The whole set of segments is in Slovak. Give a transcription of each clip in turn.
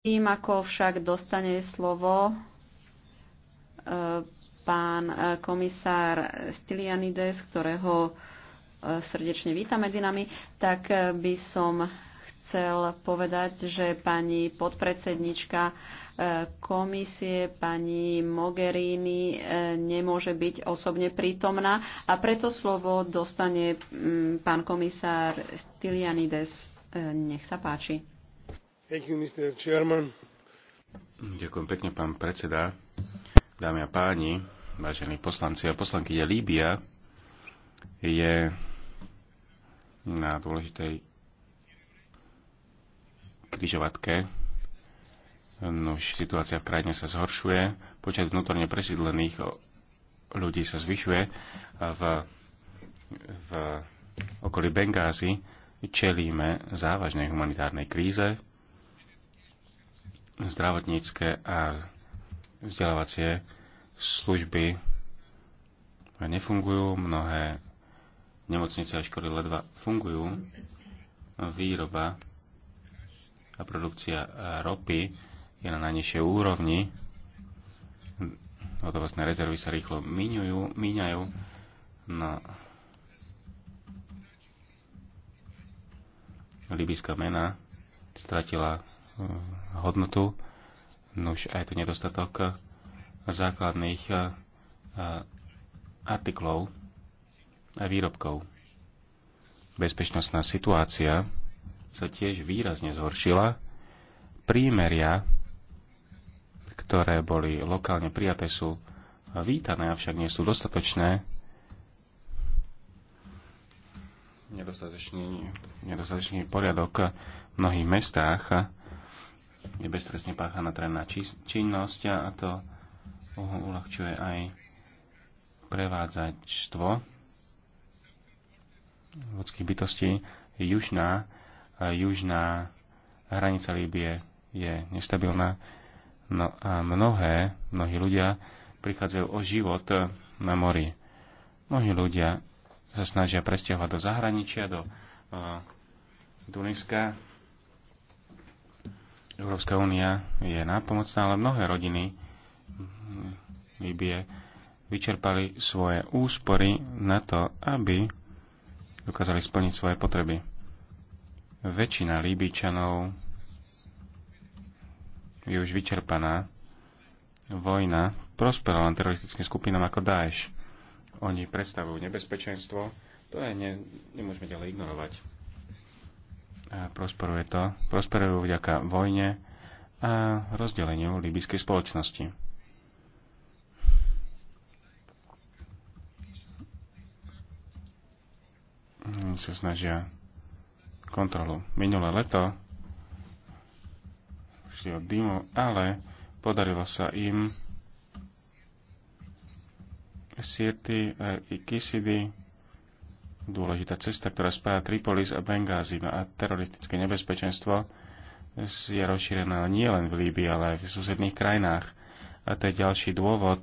Tým, ako však dostane slovo e, pán e, komisár Stylianides, ktorého e, srdečne vítam medzi nami, tak by som chcel povedať, že pani podpredsednička komisie, pani Mogherini nemôže byť osobne prítomná a preto slovo dostane pán komisár Stylianides. Nech sa páči. Ďakujem pekne, pán predseda. Dámy a páni, vážení poslanci a poslanky, je Líbia je na dôležitej križovatke. Nož situácia v krajine sa zhoršuje, počet vnútorne presídlených ľudí sa zvyšuje v, v okolí Bengázy čelíme závažnej humanitárnej kríze, zdravotnícke a vzdelávacie služby nefungujú, mnohé nemocnice a školy ledva fungujú, výroba a produkcia ropy je na najnižšej úrovni, hotovostné rezervy sa rýchlo míňujú, míňajú, no libyská mena stratila hodnotu. Nuž aj tu nedostatok základných eh, artiklov a výrobkov. Bezpečnostná situácia sa tiež výrazne zhoršila. Prímeria, ktoré boli lokálne prijaté, sú vítané, avšak nie sú dostatočné. Nedostatočný, nedostatočný poriadok v mnohých mestách je beztrestne páchaná trenná činnosť a to uľahčuje aj prevádzačstvo ľudských bytostí. Južná, južná hranica Líbie je nestabilná no a mnohé, mnohí ľudia prichádzajú o život na mori. Mnohí ľudia sa snažia presťahovať do zahraničia, do Duniska. Eh, Európska únia je nápomocná, ale mnohé rodiny Líbie vyčerpali svoje úspory na to, aby dokázali splniť svoje potreby. Väčšina Líbičanov je už vyčerpaná. Vojna prosperala len teroristickým skupinám ako Daesh. Oni predstavujú nebezpečenstvo, to ne, nemôžeme ďalej ignorovať a prosperuje to, prosperujú vďaka vojne a rozdeleniu libyskej spoločnosti. Oni sa snažia kontrolu. Minulé leto šli od dymu, ale podarilo sa im Sirty eh, i Kisidy dôležitá cesta, ktorá spája Tripolis a Bengázi no a teroristické nebezpečenstvo je rozšírená nielen v Líbii, ale aj v susedných krajinách. A to je ďalší dôvod,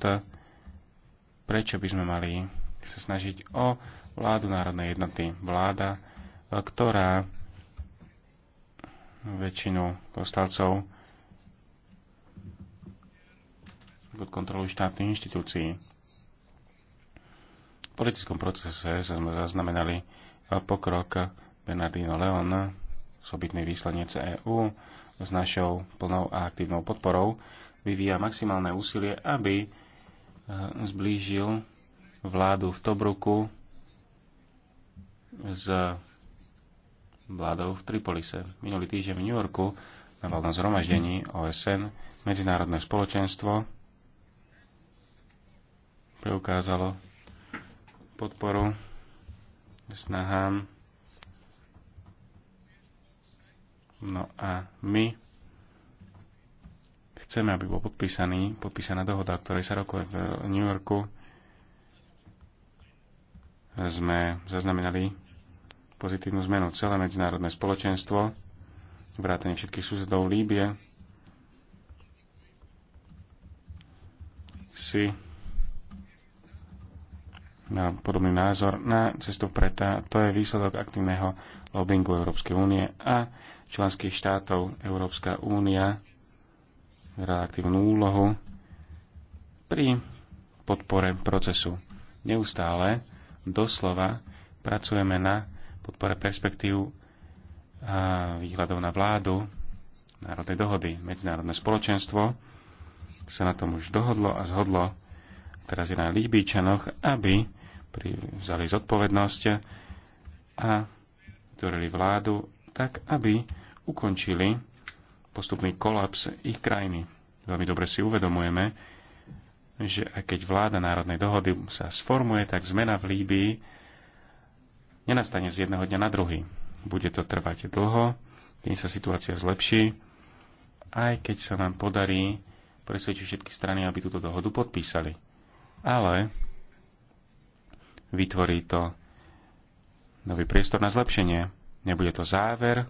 prečo by sme mali sa snažiť o vládu národnej jednoty. Vláda, ktorá väčšinu povstalcov pod kontrolu štátnych inštitúcií politickom procese sme zaznamenali pokrok Bernardino Leon, sobitný výslanec EÚ, s našou plnou a aktívnou podporou, vyvíja maximálne úsilie, aby eh, zblížil vládu v Tobruku s vládou v Tripolise. Minulý týždeň v New Yorku na valnom zhromaždení OSN medzinárodné spoločenstvo preukázalo, podporu snahám. No a my chceme, aby bol podpísaný, podpísaná dohoda, o ktorej sa rokuje v New Yorku. Sme zaznamenali pozitívnu zmenu celé medzinárodné spoločenstvo, vrátanie všetkých susedov Líbie, si na podobný názor na cestu preta. To je výsledok aktívneho lobbingu Európskej únie a členských štátov. Európska únia hrá aktívnu úlohu pri podpore procesu. Neustále, doslova, pracujeme na podpore perspektív a výhľadov na vládu, národnej dohody, medzinárodné spoločenstvo sa na tom už dohodlo a zhodlo teraz je na Líbíčanoch, aby vzali zodpovednosť a vytvorili vládu tak, aby ukončili postupný kolaps ich krajiny. Veľmi dobre si uvedomujeme, že aj keď vláda národnej dohody sa sformuje, tak zmena v Líbii nenastane z jedného dňa na druhý. Bude to trvať dlho, kým sa situácia zlepší, aj keď sa nám podarí presvedčiť všetky strany, aby túto dohodu podpísali. Ale vytvorí to nový priestor na zlepšenie. Nebude to záver,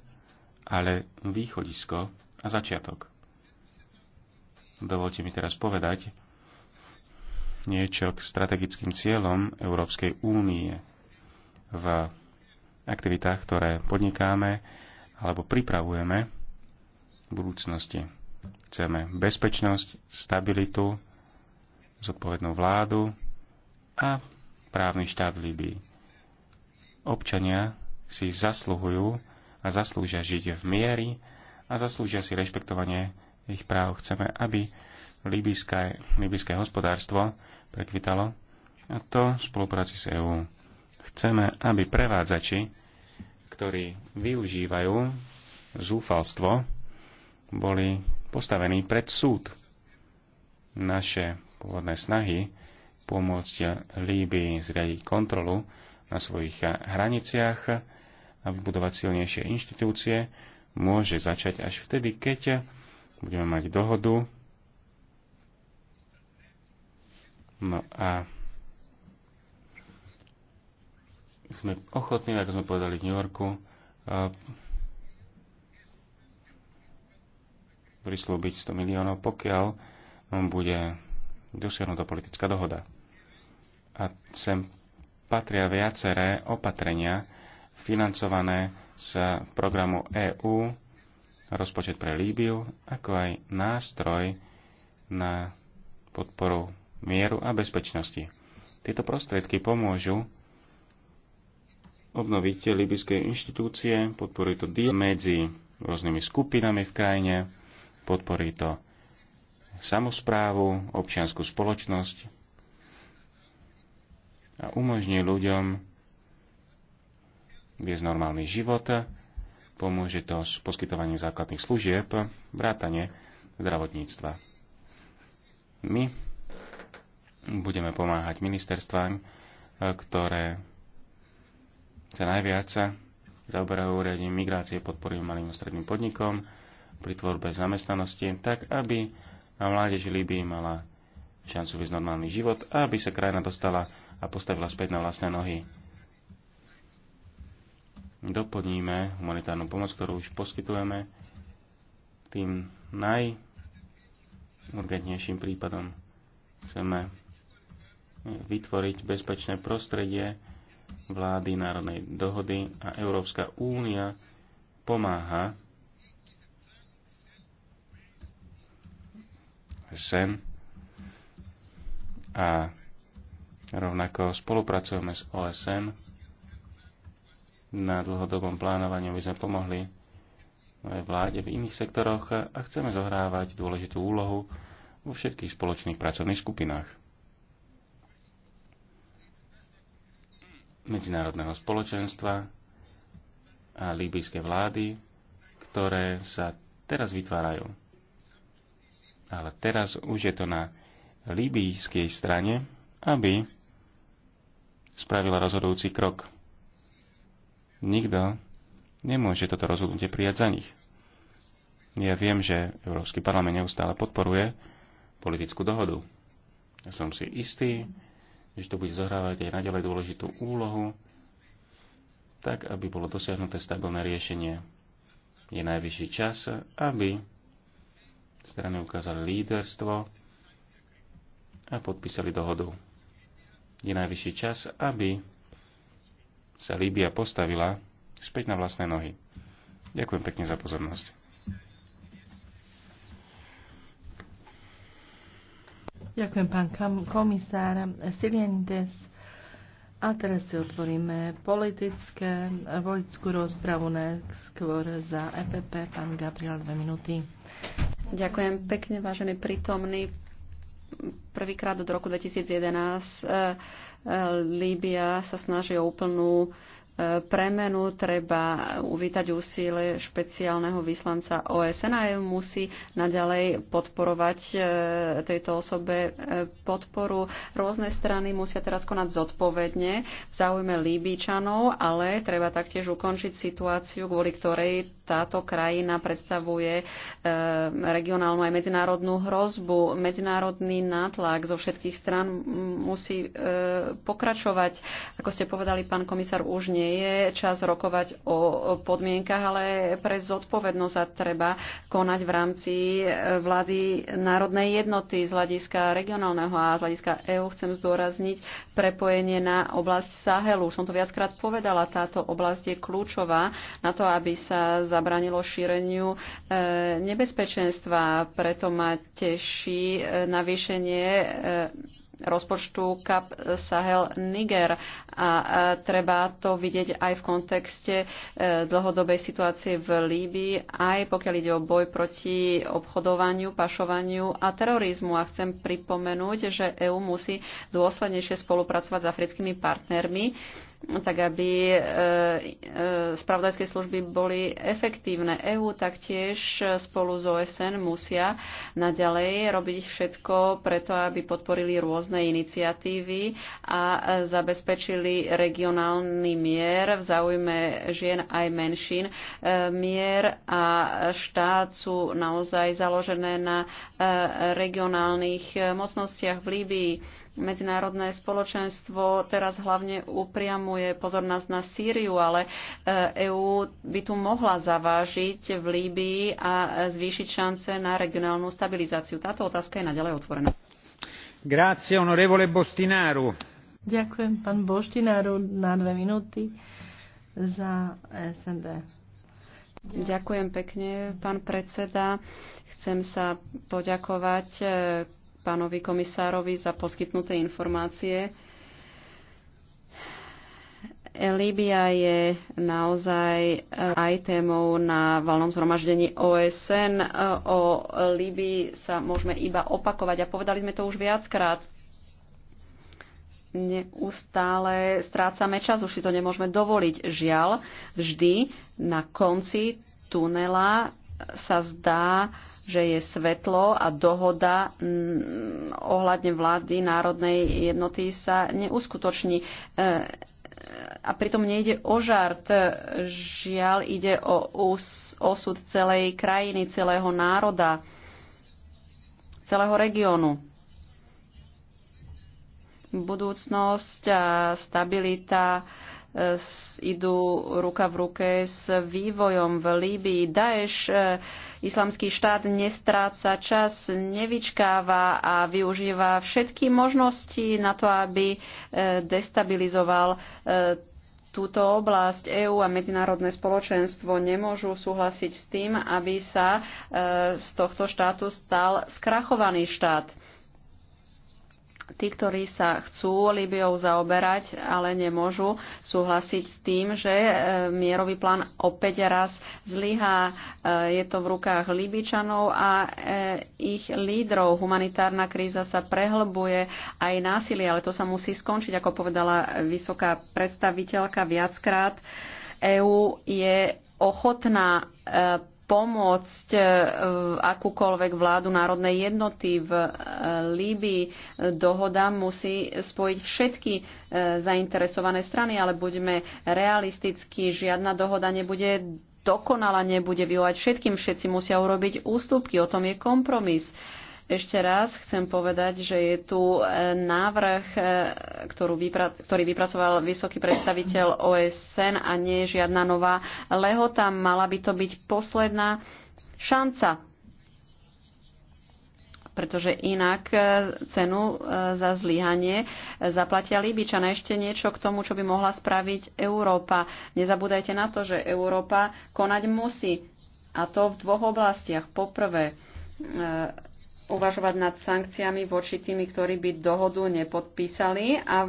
ale východisko a začiatok. Dovolte mi teraz povedať niečo k strategickým cieľom Európskej únie v aktivitách, ktoré podnikáme alebo pripravujeme v budúcnosti. Chceme bezpečnosť, stabilitu, zodpovednú vládu a právny štát v Líbii. Občania si zasluhujú a zaslúžia žiť v miery a zaslúžia si rešpektovanie ich práv. Chceme, aby líbyské, líbyské hospodárstvo prekvitalo a to v spolupráci s EÚ. Chceme, aby prevádzači, ktorí využívajú zúfalstvo, boli postavení pred súd. Naše pôvodné snahy pomôcť Líbii zriadiť kontrolu na svojich hraniciach a vybudovať silnejšie inštitúcie, môže začať až vtedy, keď budeme mať dohodu. No a sme ochotní, ako sme povedali v New Yorku, prislúbiť 100 miliónov, pokiaľ bude dosiahnutá politická dohoda a sem patria viaceré opatrenia financované z programu EÚ, rozpočet pre Líbiu, ako aj nástroj na podporu mieru a bezpečnosti. Tieto prostriedky pomôžu obnoviť libyské inštitúcie, podporí to diel medzi rôznymi skupinami v krajine, podporí to samozprávu, občianskú spoločnosť, a umožní ľuďom viesť normálny život, pomôže to s poskytovaním základných služieb, vrátane zdravotníctva. My budeme pomáhať ministerstvám, ktoré sa najviac zaoberajú úradím migrácie, podporujú malým a stredným podnikom pri tvorbe zamestnanosti, tak aby mládež Líbii mala šancu viesť normálny život a aby sa krajina dostala a postavila späť na vlastné nohy. Doplníme humanitárnu pomoc, ktorú už poskytujeme tým najurgentnejším prípadom. Chceme vytvoriť bezpečné prostredie vlády národnej dohody a Európska únia pomáha sem a rovnako spolupracujeme s OSN. Na dlhodobom plánovaní by sme pomohli vláde v iných sektoroch a chceme zohrávať dôležitú úlohu vo všetkých spoločných pracovných skupinách. medzinárodného spoločenstva a líbyjské vlády, ktoré sa teraz vytvárajú. Ale teraz už je to na líbyjskej strane, aby spravila rozhodujúci krok. Nikto nemôže toto rozhodnutie prijať za nich. Ja viem, že Európsky parlament neustále podporuje politickú dohodu. Ja som si istý, že to bude zohrávať aj naďalej dôležitú úlohu, tak aby bolo dosiahnuté stabilné riešenie. Je najvyšší čas, aby strany ukázali líderstvo, a podpísali dohodu. Je najvyšší čas, aby sa Líbia postavila späť na vlastné nohy. Ďakujem pekne za pozornosť. Ďakujem, pán komisár Silientes. A teraz si otvoríme politické, politickú rozpravu skôr za EPP. Pán Gabriel, dve minúty. Ďakujem pekne, vážený prítomný prvýkrát od roku 2011 e, e, Líbia sa snaží o úplnú e, premenu. Treba uvítať úsilie špeciálneho vyslanca OSN a musí naďalej podporovať tejto osobe podporu. Rôzne strany musia teraz konať zodpovedne v záujme Líbičanov, ale treba taktiež ukončiť situáciu, kvôli ktorej táto krajina predstavuje e, regionálnu aj medzinárodnú hrozbu. Medzinárodný nátlak zo všetkých stran musí e, pokračovať. Ako ste povedali, pán komisár, už nie je čas rokovať o podmienkach, ale pre zodpovednosť a treba konať v rámci e, vlády národnej jednoty z hľadiska regionálneho a z hľadiska EÚ. Chcem zdôrazniť prepojenie na oblasť Sahelu. Už Som to viackrát povedala, táto oblasť je kľúčová na to, aby sa za zabránilo šíreniu e, nebezpečenstva. Preto ma teší e, navýšenie e, rozpočtu KAP Sahel Niger a treba to vidieť aj v kontexte dlhodobej situácie v Líbii, aj pokiaľ ide o boj proti obchodovaniu, pašovaniu a terorizmu. A chcem pripomenúť, že EÚ musí dôslednejšie spolupracovať s africkými partnermi No tak aby e, e, spravodajské služby boli efektívne. EÚ taktiež e, spolu s OSN musia naďalej robiť všetko preto, aby podporili rôzne iniciatívy a zabezpečili regionálny mier v záujme žien aj menšín. Mier a štát sú naozaj založené na regionálnych mocnostiach v Líbii medzinárodné spoločenstvo teraz hlavne upriamuje pozornosť na Sýriu, ale EÚ e by tu mohla zavážiť v Líbii a zvýšiť šance na regionálnu stabilizáciu. Táto otázka je naďalej otvorená. Grazie, onorevole Bostinaru. Ďakujem, pán boštináru na dve minúty za SND. Ďakujem pekne, pán predseda. Chcem sa poďakovať e, pánovi komisárovi za poskytnuté informácie. Líbia je naozaj eh, aj témou na valnom zhromaždení OSN. Eh, o Líbii sa môžeme iba opakovať a povedali sme to už viackrát. Neustále strácame čas, už si to nemôžeme dovoliť. Žiaľ, vždy na konci tunela sa zdá, že je svetlo a dohoda mm, ohľadne vlády národnej jednoty sa neuskutoční. E, a pritom nejde o žart. Žiaľ, ide o osud celej krajiny, celého národa, celého regiónu budúcnosť a stabilita idú ruka v ruke s vývojom v Líbii. Daesh, e, islamský štát, nestráca čas, nevyčkáva a využíva všetky možnosti na to, aby e, destabilizoval e, túto oblasť EÚ a medzinárodné spoločenstvo nemôžu súhlasiť s tým, aby sa z tohto štátu stal skrachovaný štát tí, ktorí sa chcú Líbiou zaoberať, ale nemôžu súhlasiť s tým, že e, mierový plán opäť raz zlyhá. E, je to v rukách Libičanov a e, ich lídrov. Humanitárna kríza sa prehlbuje aj násilie, ale to sa musí skončiť, ako povedala vysoká predstaviteľka viackrát. EÚ je ochotná pomôcť e, akúkoľvek vládu národnej jednoty v e, Líbii. Dohoda musí spojiť všetky e, zainteresované strany, ale buďme realistickí, žiadna dohoda nebude dokonala, nebude vyhovať všetkým, všetci musia urobiť ústupky, o tom je kompromis. Uh, ešte raz chcem povedať, že je tu e, návrh, e, vypra ktorý vypracoval vysoký predstaviteľ OSN a nie je žiadna nová lehota. Mala by to byť posledná šanca pretože inak e, cenu za zlyhanie zaplatia na Ešte niečo k tomu, čo by mohla spraviť Európa. Nezabúdajte na to, že Európa konať musí. A to v dvoch oblastiach. Poprvé, uvažovať nad sankciami voči tými, ktorí by dohodu nepodpísali a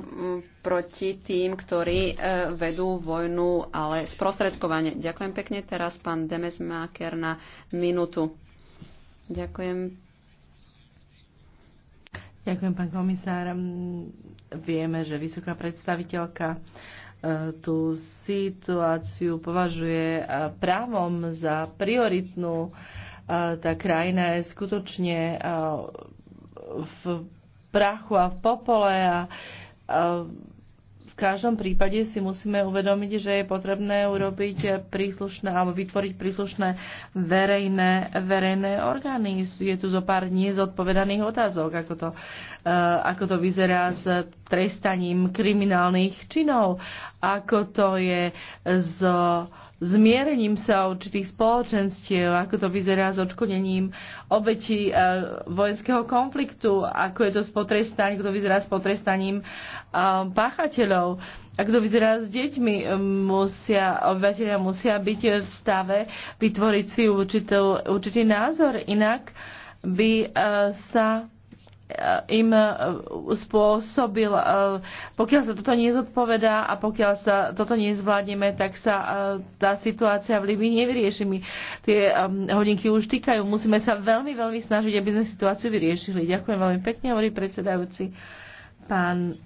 proti tým, ktorí e, vedú vojnu, ale sprostredkovanie. Ďakujem pekne. Teraz pán Demesmaker na minútu. Ďakujem. Ďakujem, pán komisár. Vieme, že vysoká predstaviteľka e, tú situáciu považuje e, právom za prioritnú tá krajina je skutočne v prachu a v popole a v každom prípade si musíme uvedomiť, že je potrebné urobiť príslušné alebo vytvoriť príslušné verejné, verejné orgány. Je tu zo pár nezodpovedaných otázok, ako to, ako to vyzerá s trestaním kriminálnych činov, ako to je s so zmierením sa určitých spoločenstiev, ako to vyzerá s odškodením obetí e, vojenského konfliktu, ako je to s potrestaním, ako to vyzerá s potrestaním e, páchateľov, ako to vyzerá s deťmi. E, musia, obyvateľia musia byť v stave vytvoriť si určitý, určitý názor, inak by sa im e, spôsobil. E, pokiaľ sa toto nezodpovedá a pokiaľ sa toto nezvládneme, tak sa e, tá situácia v Libii nevyrieši. My tie hodinky už týkajú. Musíme sa veľmi, veľmi snažiť, aby sme situáciu vyriešili. Ďakujem veľmi pekne, hovorí predsedajúci pán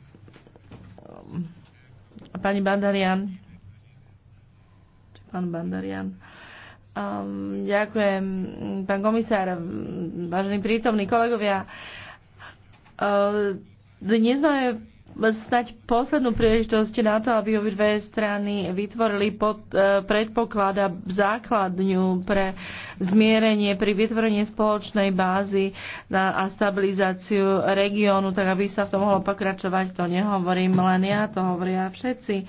pani Bandarian. Pán Bandarian. Um, ďakujem, pán komisár, vážení prítomní kolegovia. Uh, Eh, dnes máme stať poslednú príležitosť na to, aby obidve strany vytvorili pod, eh, a základňu pre zmierenie pri vytvorení spoločnej bázy na, a stabilizáciu regiónu, tak aby sa v tom mohlo pokračovať. To nehovorím len ja, to hovoria všetci.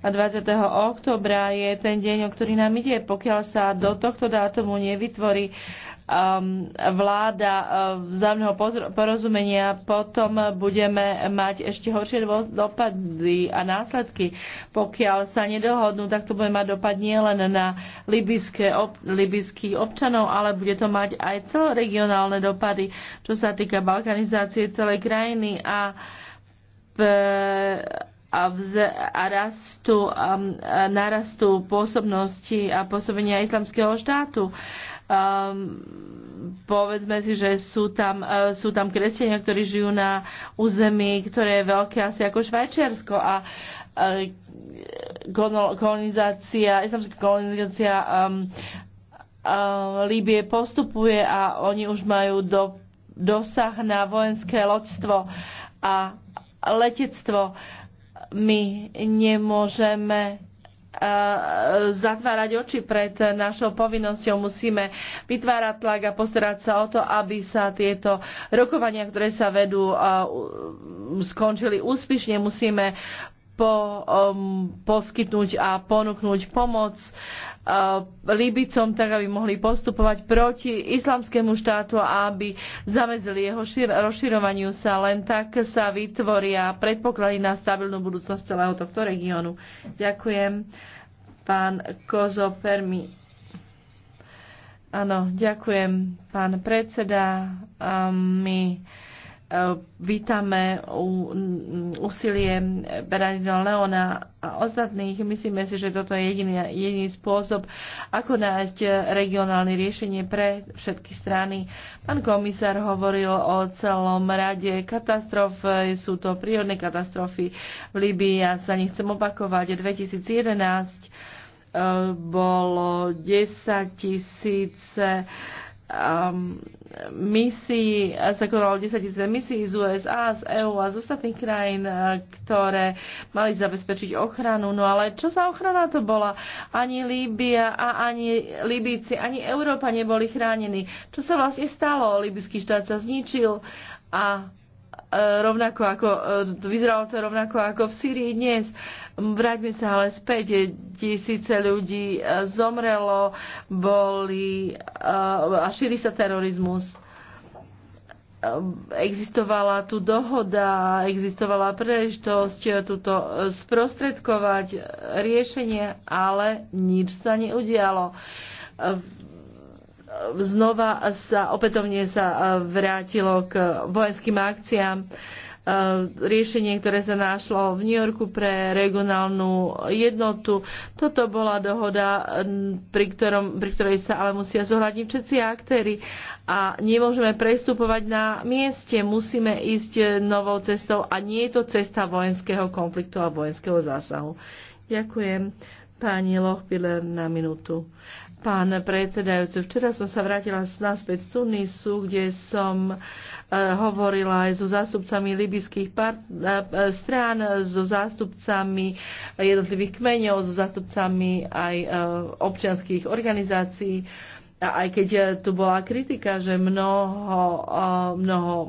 A 20. oktobra je ten deň, o ktorý nám ide. Pokiaľ sa do tohto dátumu nevytvorí Um, vláda uh, vzájomného porozumenia, potom budeme mať ešte horšie dopady a následky. Pokiaľ sa nedohodnú, tak to bude mať dopad nielen na libyské, ob, libyských občanov, ale bude to mať aj celoregionálne dopady, čo sa týka balkanizácie celej krajiny a a, vz, a rastu, a, um, a narastu pôsobnosti a pôsobenia islamského štátu um, povedzme si, že sú tam, uh, sú tam kresťania, ktorí žijú na území, ktoré je veľké asi ako Švajčiarsko a uh, kolonizácia, islamská kolonizácia um, uh, Líbie postupuje a oni už majú do, dosah na vojenské loďstvo a letectvo. My nemôžeme E, zatvárať oči pred našou povinnosťou. Musíme vytvárať tlak a postarať sa o to, aby sa tieto rokovania, ktoré sa vedú, e, skončili úspešne. Musíme po, um, poskytnúť a ponúknuť pomoc uh, Eh, Líbicom, tak aby mohli postupovať proti islamskému štátu a aby zamedzili jeho rozširovaniu sa. Len tak sa vytvoria predpoklady na stabilnú budúcnosť celého tohto regiónu. Ďakujem. Pán Kozo Permi. Áno, ďakujem, pán predseda. My vítame úsilie Bernardino Leona a ostatných. Myslíme si, že toto je jediný, jediný spôsob, ako nájsť regionálne riešenie pre všetky strany. Pán komisár hovoril o celom rade katastrof. Sú to prírodné katastrofy v Libii. Ja sa nechcem opakovať. 2011 eh, bolo 10 tisíce 000 um, ehm, misií, zakonalo 10 tisíc misií z USA, z EÚ a z ostatných krajín, eh, ktoré mali zabezpečiť ochranu. No ale čo za ochrana to bola? Ani Líbia a ani Libíci, ani Európa neboli chránení. Čo sa vlastne stalo? Libyský štát sa zničil a E, rovnako ako, e, vyzeralo to rovnako ako v Syrii dnes. Vráťme sa ale späť, tisíce ľudí e, zomrelo, boli a šíri sa terorizmus. Existovala tu dohoda, existovala príležitosť túto sprostredkovať riešenie, ale nič sa neudialo znova sa opätovne sa e, vrátilo k vojenským akciám. E, riešenie, ktoré sa našlo v New Yorku pre regionálnu jednotu. Toto bola dohoda, pri, ktorom, pri ktorej sa ale musia zohľadniť všetci aktéry a nemôžeme prestupovať na mieste. Musíme ísť e, novou cestou a nie je to cesta vojenského konfliktu a vojenského zásahu. Ďakujem. Pani Lochbiller na minútu. Pán predsedajúci, včera som sa vrátila naspäť z Tunisu, kde som e, hovorila aj so zástupcami libyských part- e, e, strán, so zástupcami jednotlivých kmeňov, so zástupcami aj občianských organizácií a aj keď e, tu bola kritika, že mnoho, e, mnoho e,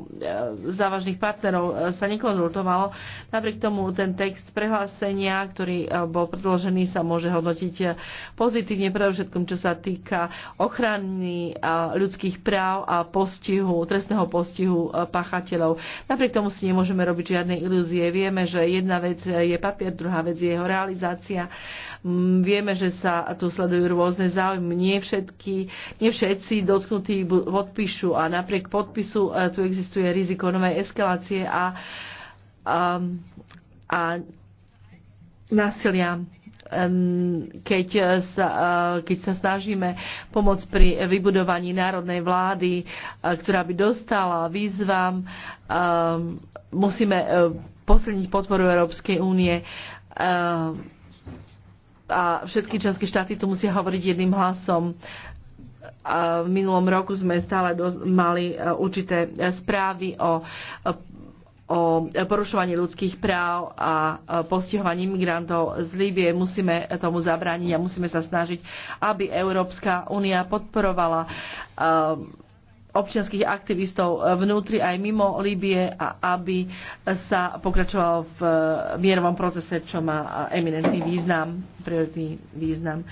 závažných partnerov sa nekonzultovalo, napriek tomu ten text prehlásenia, ktorý bol predložený, sa môže hodnotiť pozitívne, predovšetkom čo sa týka ochrany ľudských práv a postihu, trestného postihu pachateľov. Napriek tomu si nemôžeme robiť žiadne ilúzie. Vieme, že jedna vec je papier, druhá vec je jeho realizácia Mm, vieme, že sa tu sledujú rôzne záujmy. Nie, všetky, nie všetci dotknutí podpíšu a napriek podpisu e, tu existuje riziko novej eskalácie a, a, a násilia keď sa, e, keď sa snažíme pomôcť pri vybudovaní národnej vlády, e, ktorá by dostala výzvam, musíme posilniť podporu Európskej únie a všetky členské štáty tu musia hovoriť jedným hlasom. A v minulom roku sme stále mali e, určité správy o o porušovaní ľudských práv a e, postihovaní migrantov z Líbie. Musíme tomu zabrániť a musíme sa snažiť, aby Európska únia podporovala e, občianských aktivistov vnútri aj mimo Líbie a aby sa pokračovalo v eh, mierovom procese, čo má eh, eminentný význam, prioritný význam.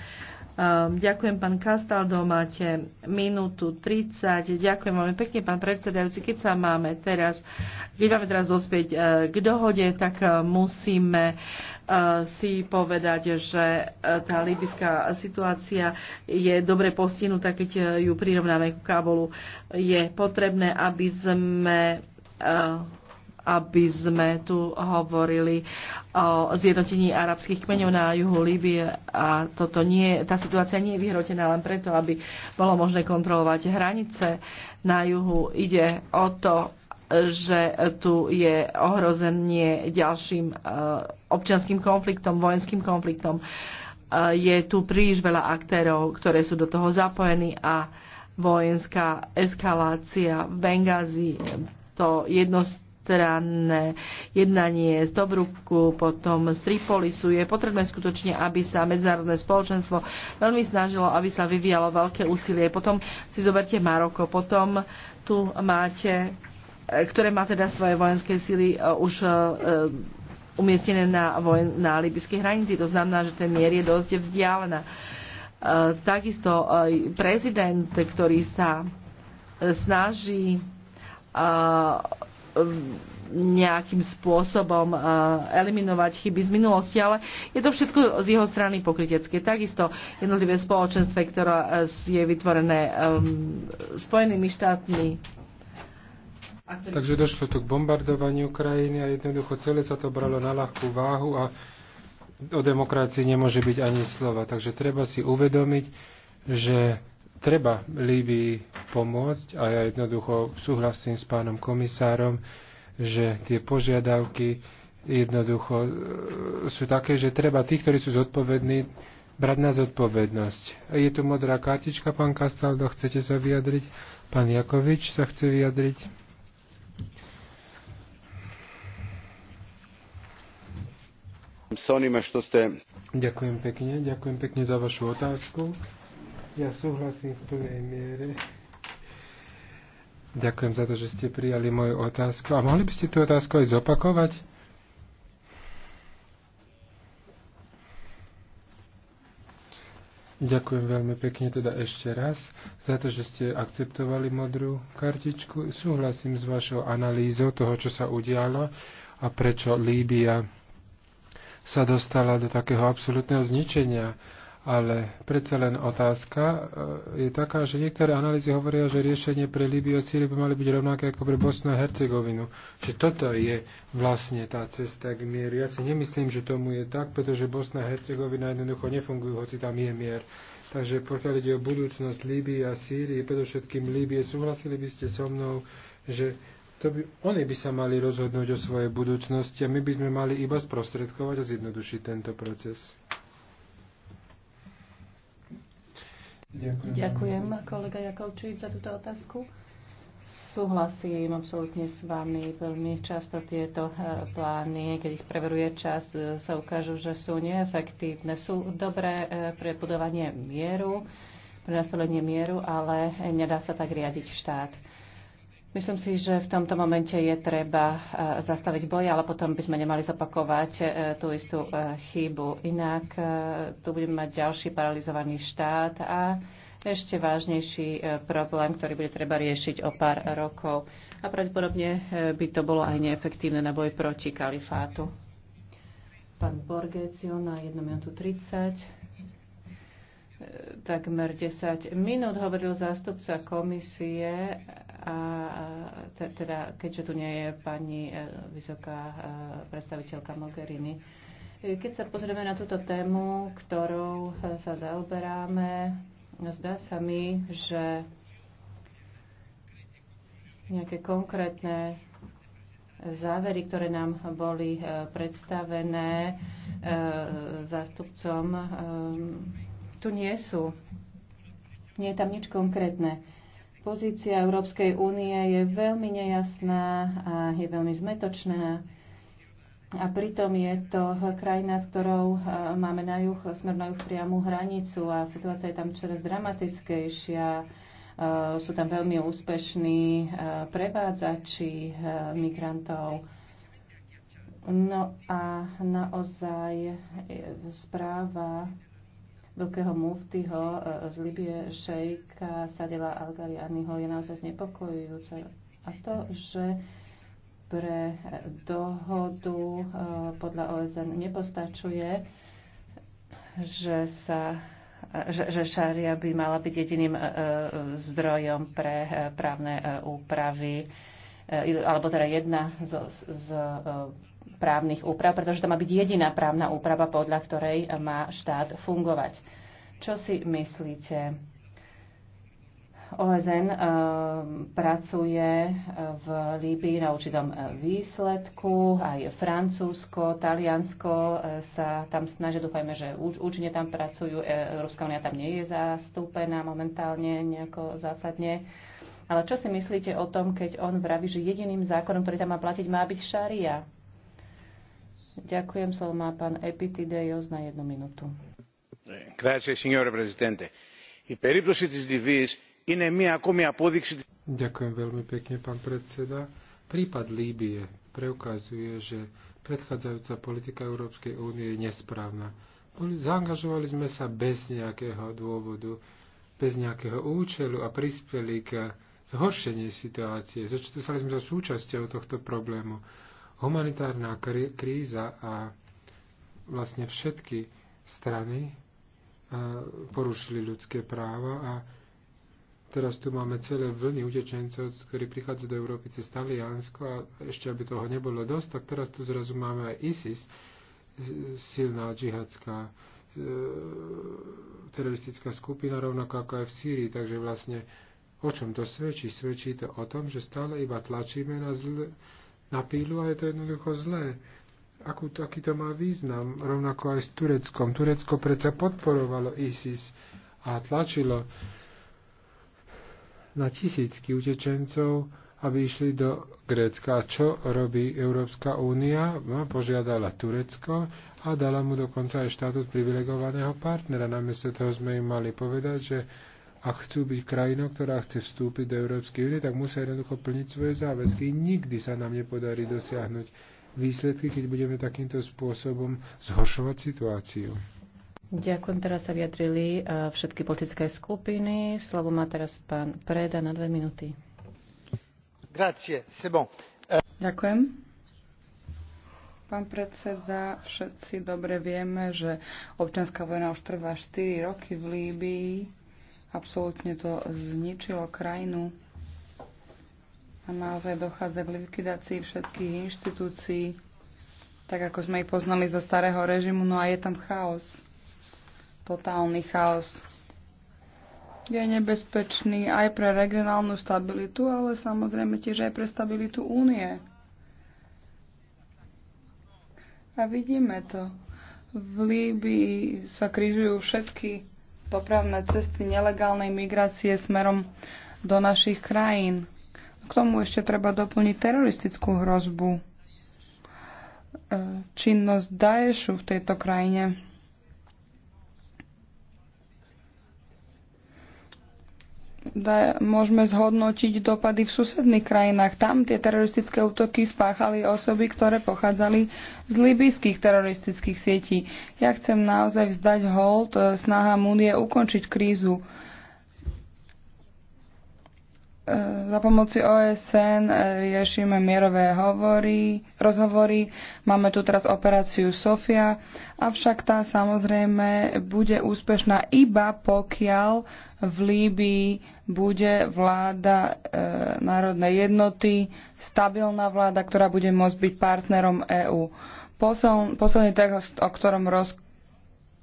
Ehm, ďakujem, pán Kastaldo, máte minútu 30. Ďakujem veľmi pekne, pán predsedajúci. Keď sa máme teraz, keď máme teraz dospieť eh, k dohode, tak eh, musíme eh, si povedať, že tá libyská situácia je dobre postihnutá, keď ju prirovnáme k Kábolu. Je potrebné, aby sme aby sme tu hovorili o zjednotení arabských kmeňov na juhu Líbie a toto nie, tá situácia nie je vyhrotená len preto, aby bolo možné kontrolovať hranice na juhu. Ide o to, že tu je ohrozenie ďalším e, občianským konfliktom, vojenským konfliktom. E, je tu príliš veľa aktérov, ktoré sú do toho zapojení a vojenská eskalácia v Bengázi to jednosť dvojstranné jednanie z Tobruku, potom z Tripolisu. Je potrebné skutočne, aby sa medzinárodné spoločenstvo veľmi snažilo, aby sa vyvíjalo veľké úsilie. Potom si zoberte Maroko, potom tu máte e, ktoré má teda svoje vojenské síly e, už e, umiestnené na, vojen, na libyskej hranici. To znamená, že ten mier je dosť vzdialená. Takisto prezident, ktorý sa snaží nejakým spôsobom eh, eliminovať chyby z minulosti, ale je to všetko z jeho strany pokrytecké. Takisto jednotlivé spoločenstve, ktoré eh, je vytvorené ehm, Spojenými štátmi. Ktorý... Takže došlo tu k bombardovaniu krajiny a jednoducho celé sa to bralo na ľahkú váhu a o demokracii nemôže byť ani slova. Takže treba si uvedomiť, že Treba Líbii pomôcť a ja jednoducho súhlasím s pánom komisárom, že tie požiadavky jednoducho e, sú také, že treba tých, ktorí sú zodpovední, brať na zodpovednosť. Je tu modrá kartička, pán Kastaldo, chcete sa vyjadriť? Pán Jakovič sa chce vyjadriť. ste... Ďakujem pekne, ďakujem pekne za vašu otázku. Ja súhlasím v plnej miere. Ďakujem za to, že ste prijali moju otázku. A mohli by ste tú otázku aj zopakovať? Ďakujem veľmi pekne teda ešte raz za to, že ste akceptovali modrú kartičku. Súhlasím s vašou analýzou toho, čo sa udialo a prečo Líbia sa dostala do takého absolútneho zničenia ale predsa len otázka e, je taká, že niektoré analýzy hovoria, že riešenie pre Líbiu a Sýriu by mali byť rovnaké ako pre Bosnu a Hercegovinu. Že toto je vlastne tá cesta k mieru. Ja si nemyslím, že tomu je tak, pretože Bosna a Hercegovina jednoducho nefungujú, hoci tam je mier. Takže pokiaľ ide o budúcnosť Líbie a Sýrie, predovšetkým Líbie, súhlasili by ste so mnou, že to by, oni by sa mali rozhodnúť o svojej budúcnosti a my by sme mali iba sprostredkovať a zjednodušiť tento proces. Ďakujem, Ďakujem kolega Jakovčík, za túto otázku. Súhlasím absolútne s vami. Veľmi často tieto e, plány, keď ich preveruje čas, e, sa ukážu, že sú neefektívne. Sú dobré e, pre budovanie mieru, pre nastolenie mieru, ale nedá sa tak riadiť štát. Myslím si, že v tomto momente je treba e, zastaviť boj, ale potom by sme nemali zopakovať e, tú istú e, chybu. Inak tu budeme mať ďalší paralizovaný štát a ešte vážnejší problém, ktorý bude treba riešiť o pár rokov. A pravdepodobne by to bolo aj neefektívne na boj proti kalifátu. Pán Borgecio na 1 minútu 30 takmer 10 minút hovoril zástupca komisie a teda, keďže tu nie je pani e, vysoká e, predstaviteľka Mogherini, e, keď sa pozrieme na túto tému, ktorou sa zaoberáme, zdá sa mi, že nejaké konkrétne závery, ktoré nám boli predstavené zástupcom, tu nie sú. Nie je tam nič konkrétne. Pozícia Európskej únie je veľmi nejasná a je veľmi zmetočná. A pritom je to krajina, s ktorou e, máme na juh, smer na juh priamu hranicu a situácia je tam čoraz dramatickejšia. E, sú tam veľmi úspešní e, prevádzači migrantov. No a naozaj správa veľkého muftyho e, z Libie, šejka Sadela Algarianiho, je naozaj znepokojujúce. A to, že pre e, dohodu e, podľa OSN nepostačuje, že sa že, že šária by mala byť jediným zdrojom pre právne úpravy, alebo teda jedna z, z, z právnych úprav, pretože to má byť jediná právna úprava, podľa ktorej má štát fungovať. Čo si myslíte? OSN eh, pracuje v Líbii na určitom eh, výsledku, aj Francúzsko, Taliansko eh, sa tam snažia, dúfajme, že účinne tam pracujú, Európska únia tam nie je zastúpená momentálne nejako zásadne. Ale čo si myslíte o tom, keď on vraví, že jediným zákonom, ktorý tam má platiť, má byť šaria? Ďakujem, slovo má pán Epitideios na jednu minútu. Ďakujem veľmi pekne, pán predseda. Prípad Líbie preukazuje, že predchádzajúca politika Európskej únie je nesprávna. Zaangažovali sme sa bez nejakého dôvodu, bez nejakého účelu a prispeli k zhoršeniu situácie. Začítali sme sa súčasťou tohto problému. Humanitárna kríza a vlastne všetky strany e, porušili ľudské práva a teraz tu máme celé vlny utečencov, ktorí prichádzajú do Európy cez Taliansko a ešte aby toho nebolo dosť, tak teraz tu zrazu máme aj ISIS, silná džihadská e, teroristická skupina, rovnako ako aj v Sýrii. Takže vlastne o čom to svedčí? Svedčí to o tom, že stále iba tlačíme na zl- na pílu a je to jednoducho zlé. Akú, aký to má význam, rovnako aj s Tureckom. Turecko predsa podporovalo ISIS a tlačilo na tisícky utečencov, aby išli do Grécka. A Čo robí Európska únia? No, požiadala Turecko a dala mu dokonca aj štátu privilegovaného partnera. Namiesto toho sme im mali povedať, že ak chcú byť krajinou, ktorá chce vstúpiť do Európskej únie, tak musia jednoducho plniť svoje záväzky. Nikdy sa nám nepodarí dosiahnuť výsledky, keď budeme takýmto spôsobom zhoršovať situáciu. Ďakujem, teraz sa vyjadrili e, všetky politické skupiny. Slovo má teraz pán Preda na dve minúty. Grazie, e, Ďakujem. Pán predseda, všetci dobre vieme, že občianská vojna už trvá 4 roky v Líbii Absolútne to zničilo krajinu a naozaj dochádza k likvidácii všetkých inštitúcií, tak ako sme ich poznali zo starého režimu, no a je tam chaos. Totálny chaos. Je nebezpečný aj pre regionálnu stabilitu, ale samozrejme tiež aj pre stabilitu únie. A vidíme to. V Líbii sa križujú všetky dopravné cesty nelegálnej migrácie smerom do našich krajín. K tomu ešte treba doplniť teroristickú hrozbu, e, činnosť Daešu v tejto krajine. da, môžeme zhodnotiť dopady v susedných krajinách. Tam tie teroristické útoky spáchali osoby, ktoré pochádzali z libyských teroristických sietí. Ja chcem naozaj vzdať hold e, snahám únie ukončiť krízu e, za pomoci OSN e, riešime mierové hovory, rozhovory. Máme tu teraz operáciu Sofia, avšak tá samozrejme bude úspešná iba pokiaľ v Líbii bude vláda e, národnej jednoty, stabilná vláda, ktorá bude môcť byť partnerom EÚ. Posel, posledný text, o ktorom roz,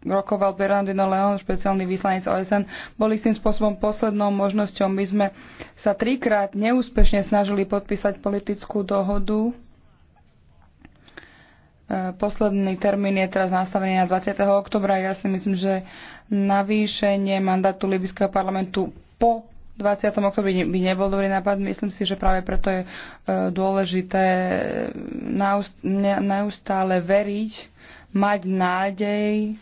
rokoval Bernardino Leon, špeciálny vyslanec OSN, bol istým spôsobom poslednou možnosťou. My sme sa trikrát neúspešne snažili podpísať politickú dohodu e, posledný termín je teraz nastavený na 20. oktobra. Ja si myslím, že navýšenie mandátu Libyského parlamentu po 20. oktobri by nebol dobrý nápad. Myslím si, že práve preto je e, dôležité neustále veriť, mať nádej,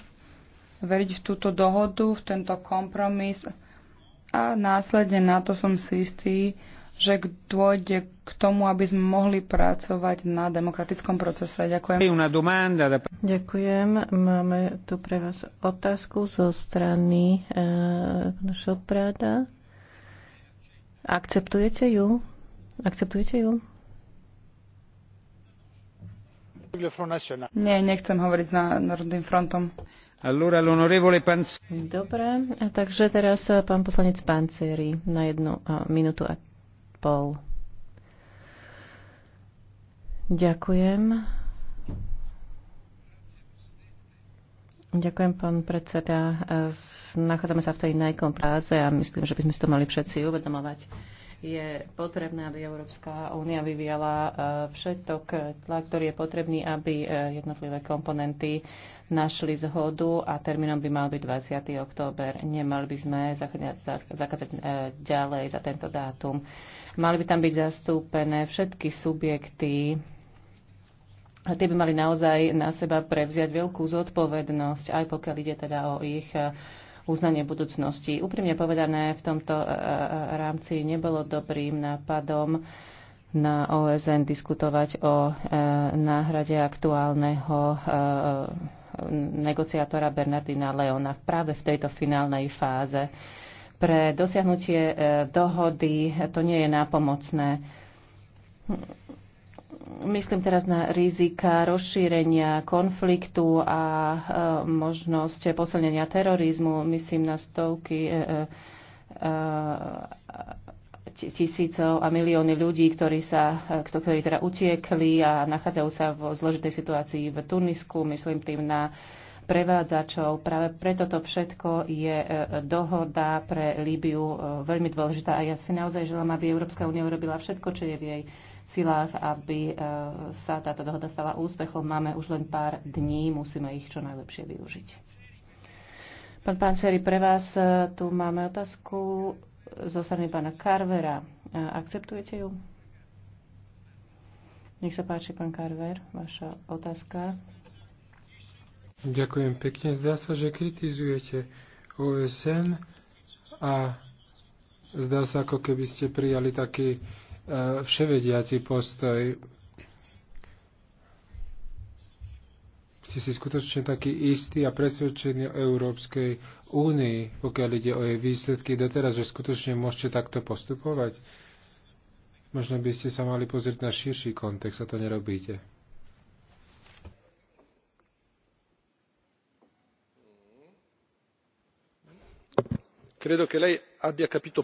veriť v túto dohodu, v tento kompromis a následne na to som si istý, že dôjde k tomu, aby sme mohli pracovať na demokratickom procese. Ďakujem. Ďakujem. Máme tu pre vás otázku zo strany e, Šopráda. Akceptujete ju? Akceptujete ju? Nie, nechcem hovoriť s Národným frontom. Dobre, takže teraz eh, pán poslanec Panceri na jednu eh, minútu a pol. Ďakujem. Ďakujem, pán predseda. Nachádzame sa v tej najkompráze a myslím, že by sme si to mali všetci uvedomovať. Je potrebné, aby Európska únia vyvíjala e, všetok tlak, ktorý je potrebný, aby e, jednotlivé komponenty našli zhodu a termínom by mal byť 20. október. Nemali by sme zakázať e, ďalej za tento dátum. Mali by tam byť zastúpené všetky subjekty, a tie by mali naozaj na seba prevziať veľkú zodpovednosť, aj pokiaľ ide teda o ich eh, uznanie budúcnosti. Úprimne povedané, v tomto eh, eh, rámci nebolo dobrým nápadom na OSN diskutovať o náhrade aktuálneho negociátora Bernardina Leona práve v tejto finálnej fáze. Pre dosiahnutie dohody to nie je nápomocné. Myslím teraz na rizika rozšírenia konfliktu a e, možnosť posilnenia terorizmu. Myslím na stovky e, e, tisícov a milióny ľudí, ktorí, sa, ktorí teda utiekli a nachádzajú sa v zložitej situácii v Tunisku. Myslím tým na prevádzačov. Práve preto to všetko je dohoda pre Líbiu veľmi dôležitá a ja si naozaj želám, aby Európska únia urobila všetko, čo je v jej silách, aby e, sa táto dohoda stala úspechom. Máme už len pár dní, musíme ich čo najlepšie využiť. Pán Panceri, pre vás e, tu máme otázku zo strany pána Carvera. E, akceptujete ju? Nech sa páči, pán Carver, vaša otázka. Ďakujem pekne. Zdá sa, že kritizujete OSN a zdá sa, ako keby ste prijali taký vševediaci postoj. Ste si skutočne taký istý a presvedčený o Európskej únii, pokiaľ ide o jej výsledky doteraz, že skutočne môžete takto postupovať? Možno by ste sa mali pozrieť na širší kontext a to nerobíte. Credo che lei abbia capito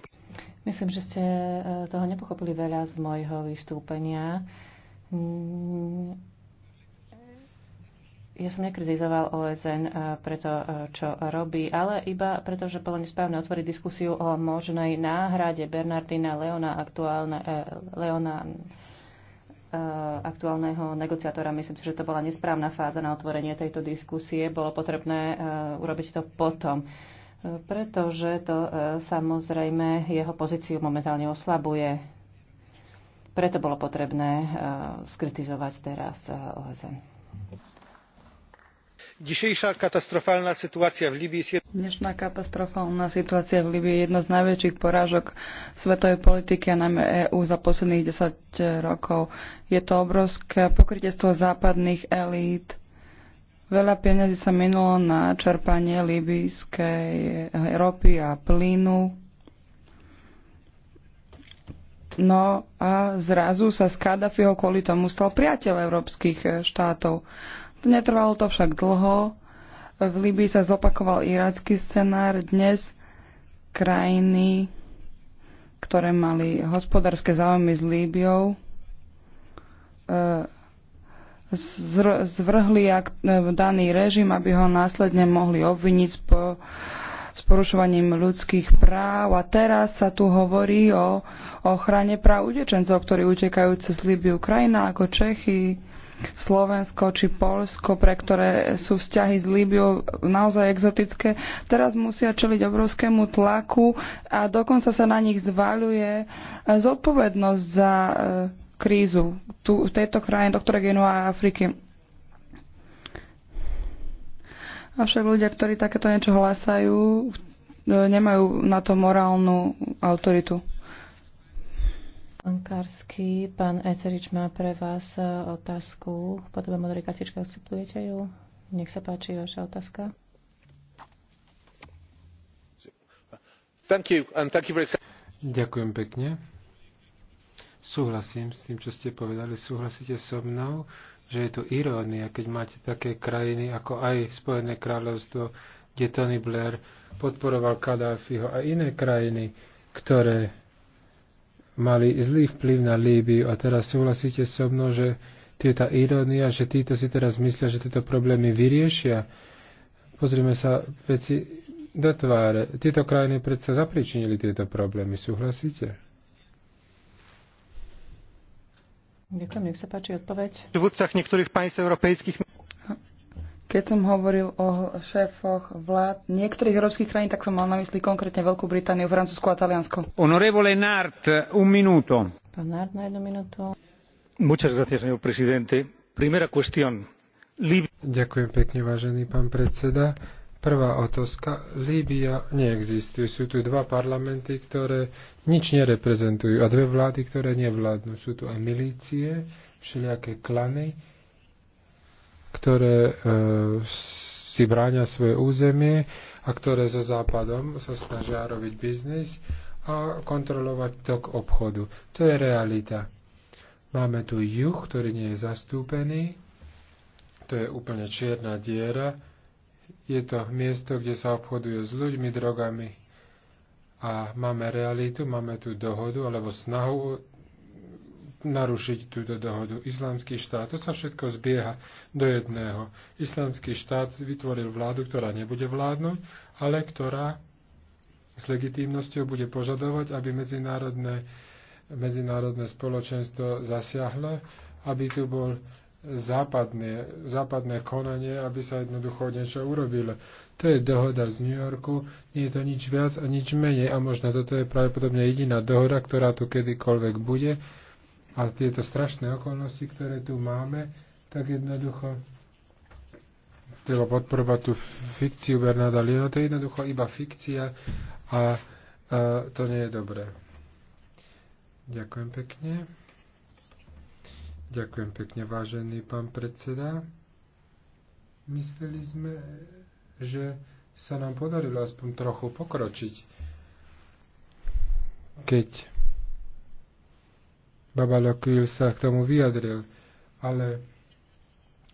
Myslím, že ste eh, toho nepochopili veľa z mojho vystúpenia. Mm, ja som nekritizoval OSN eh, pre to, eh, čo robí, ale iba preto, že bolo nesprávne otvoriť diskusiu o možnej náhrade Bernardina Leona, aktuálne, Leona aktuálneho negociátora. Myslím si, že to bola nesprávna fáza na otvorenie tejto diskusie. Bolo potrebné urobiť to potom pretože to e, samozrejme jeho pozíciu momentálne oslabuje. Preto bolo potrebné e, skritizovať teraz e, OSN. Dzisiejsza katastrofálna v Libii je... Dnešná katastrofálna situácia v Libii je jedno z najväčších porážok svetovej politiky a najmä EÚ za posledných 10 rokov. Je to obrovské pokrytectvo západných elít, Veľa peniazy sa minulo na čerpanie libijskej ropy a plynu. No a zrazu sa z Kadáfiho kvôli tomu stal priateľ európskych štátov. Netrvalo to však dlho. V Libii sa zopakoval irácky scenár. Dnes krajiny, ktoré mali hospodárske záujmy s Líbiou, e, zvrhli e, daný režim, aby ho následne mohli obviniť po, s porušovaním ľudských práv. A teraz sa tu hovorí o ochrane práv utečencov, ktorí utekajú cez Libiu. Krajina ako Čechy, Slovensko či Polsko, pre ktoré sú vzťahy s Líbiou naozaj exotické, teraz musia čeliť obrovskému tlaku a dokonca sa na nich zvaľuje zodpovednosť za e, krízu tu, v tejto krajine, do ktorej regiónu a Afriky. Avšak ľudia, ktorí takéto niečo hlásajú, nemajú na to morálnu autoritu. Pán Karsky, pán Eterič má pre vás e, otázku. V podobe modrej kartičky akceptujete ju? Nech sa páči vaša otázka. Thank you, and thank you for... Ďakujem pekne Súhlasím s tým, čo ste povedali. Súhlasíte so mnou, že je to irónia, keď máte také krajiny ako aj Spojené kráľovstvo, kde Tony Blair podporoval Kadáfiho a iné krajiny, ktoré mali zlý vplyv na Líbiu. A teraz súhlasíte so mnou, že tu je tá irónia, že títo si teraz myslia, že tieto problémy vyriešia. Pozrime sa veci do tváre. Tieto krajiny predsa zapričinili tieto problémy. Súhlasíte? Ďakujem, nech sa páči odpoveď. V niektorých państw európejských... keď som hovoril o šéfoch vlád niektorých európskych krajín, tak som mal na mysli konkrétne Veľkú Britániu, Francúzsku a Taliansko. Honorevole Nart, un minuto. Pán Nart, na jednu minútu. Muchas gracias, señor presidente. Primera cuestión. Lib- Ďakujem pekne, vážený pán predseda. Prvá otázka. Líbia neexistuje. Sú tu dva parlamenty, ktoré nič nereprezentujú a dve vlády, ktoré nevládnu. Sú tu aj milície, všelijaké klany, ktoré e, si bráňa svoje územie a ktoré so západom sa snažia robiť biznis a kontrolovať tok obchodu. To je realita. Máme tu juh, ktorý nie je zastúpený. To je úplne čierna diera je to miesto, kde sa obchoduje s ľuďmi, drogami a máme realitu, máme tú dohodu alebo snahu narušiť túto dohodu. Islamský štát, to sa všetko zbieha do jedného. Islamský štát vytvoril vládu, ktorá nebude vládnuť, ale ktorá s legitímnosťou bude požadovať, aby medzinárodné, medzinárodné spoločenstvo zasiahlo, aby tu bol západné, západné konanie, aby sa jednoducho niečo urobilo. To je dohoda z New Yorku, nie je to nič viac a nič menej a možno toto je pravdepodobne jediná dohoda, ktorá tu kedykoľvek bude a tieto strašné okolnosti, ktoré tu máme, tak jednoducho treba podporovať tú fikciu Bernarda Liena, to je jednoducho iba fikcia a, a to nie je dobré. Ďakujem pekne. Ďakujem pekne, vážený pán predseda. Mysleli sme, že sa nám podarilo aspoň trochu pokročiť, keď Baba Lokil sa k tomu vyjadril, ale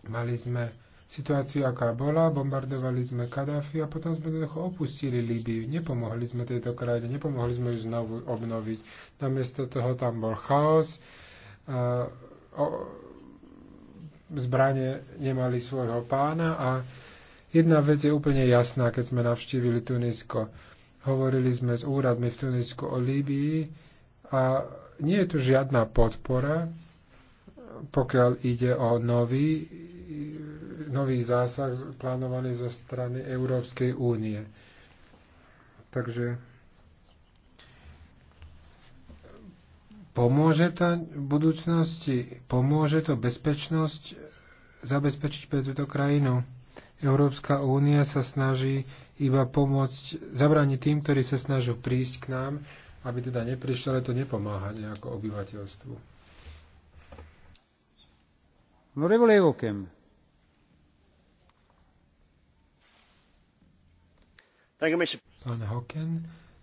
mali sme situáciu, aká bola, bombardovali sme Kadáfi a potom sme jednoducho opustili Líbiu. Nepomohli sme tejto krajine, nepomohli sme ju znovu obnoviť. Namiesto toho tam bol chaos, zbranie nemali svojho pána a jedna vec je úplne jasná, keď sme navštívili Tunisko. Hovorili sme s úradmi v Tunisku o Líbii a nie je tu žiadna podpora, pokiaľ ide o nový, nový zásah plánovaný zo strany Európskej únie. Takže Pomôže to v budúcnosti? Pomôže to bezpečnosť e, zabezpečiť pre túto krajinu? Európska únia sa snaží iba pomôcť, zabrániť tým, ktorí sa snažia prísť k nám, aby teda neprišli, ale to nepomáha nejako obyvateľstvu. Honorevole Evokem. Pán Hoken,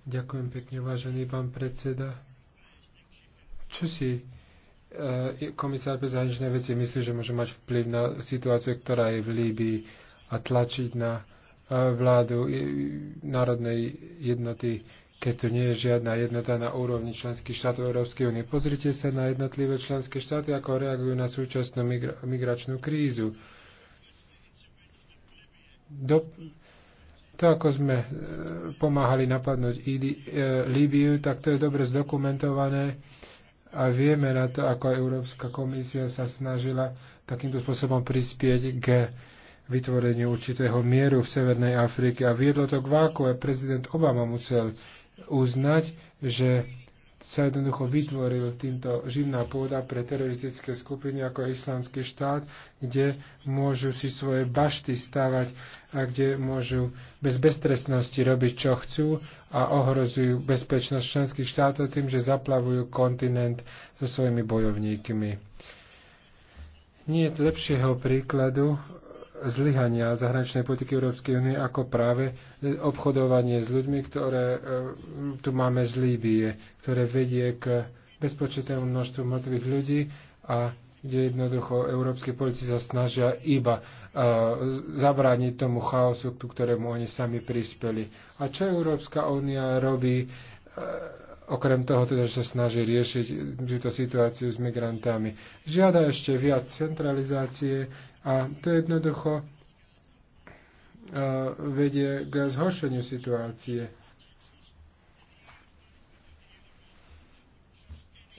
ďakujem pekne, vážený pán predseda. Čo si e, komisár pre zahraničné veci myslí, že môže mať vplyv na situáciu, ktorá je v Líbii a tlačiť na e, vládu národnej jednoty, keď tu nie je žiadna jednota na úrovni členských štátov Európskej únie. Pozrite sa na jednotlivé členské štáty, ako reagujú na súčasnú migra- migračnú krízu. Do, to, ako sme e, pomáhali napadnúť e, Líbiu, tak to je dobre zdokumentované. E, a vieme na to, ako Európska komisia sa snažila takýmto spôsobom prispieť k vytvoreniu určitého mieru v Severnej Afrike. A viedlo to k váku a prezident Obama musel uznať, že sa jednoducho vytvoril týmto živná pôda pre teroristické skupiny ako islamský štát, kde môžu si svoje bašty stavať a kde môžu bez bestresnosti robiť čo chcú a ohrozujú bezpečnosť členských štátov tým, že zaplavujú kontinent so svojimi bojovníkmi. Nie je lepšieho príkladu zlyhania zahraničnej politiky Európskej únie ako práve obchodovanie s ľuďmi, ktoré e, tu máme z Líbie, ktoré vedie k bezpočetnému množstvu mŕtvych ľudí a kde jednoducho európske politici sa snažia iba uh, zabrániť tomu chaosu, ku ktorému oni sami prispeli. A čo Európska únia robí, uh, okrem toho teda, že sa snaží riešiť túto situáciu s migrantami? Žiada ešte viac centralizácie, a to jednoducho e, vedie k zhoršeniu situácie.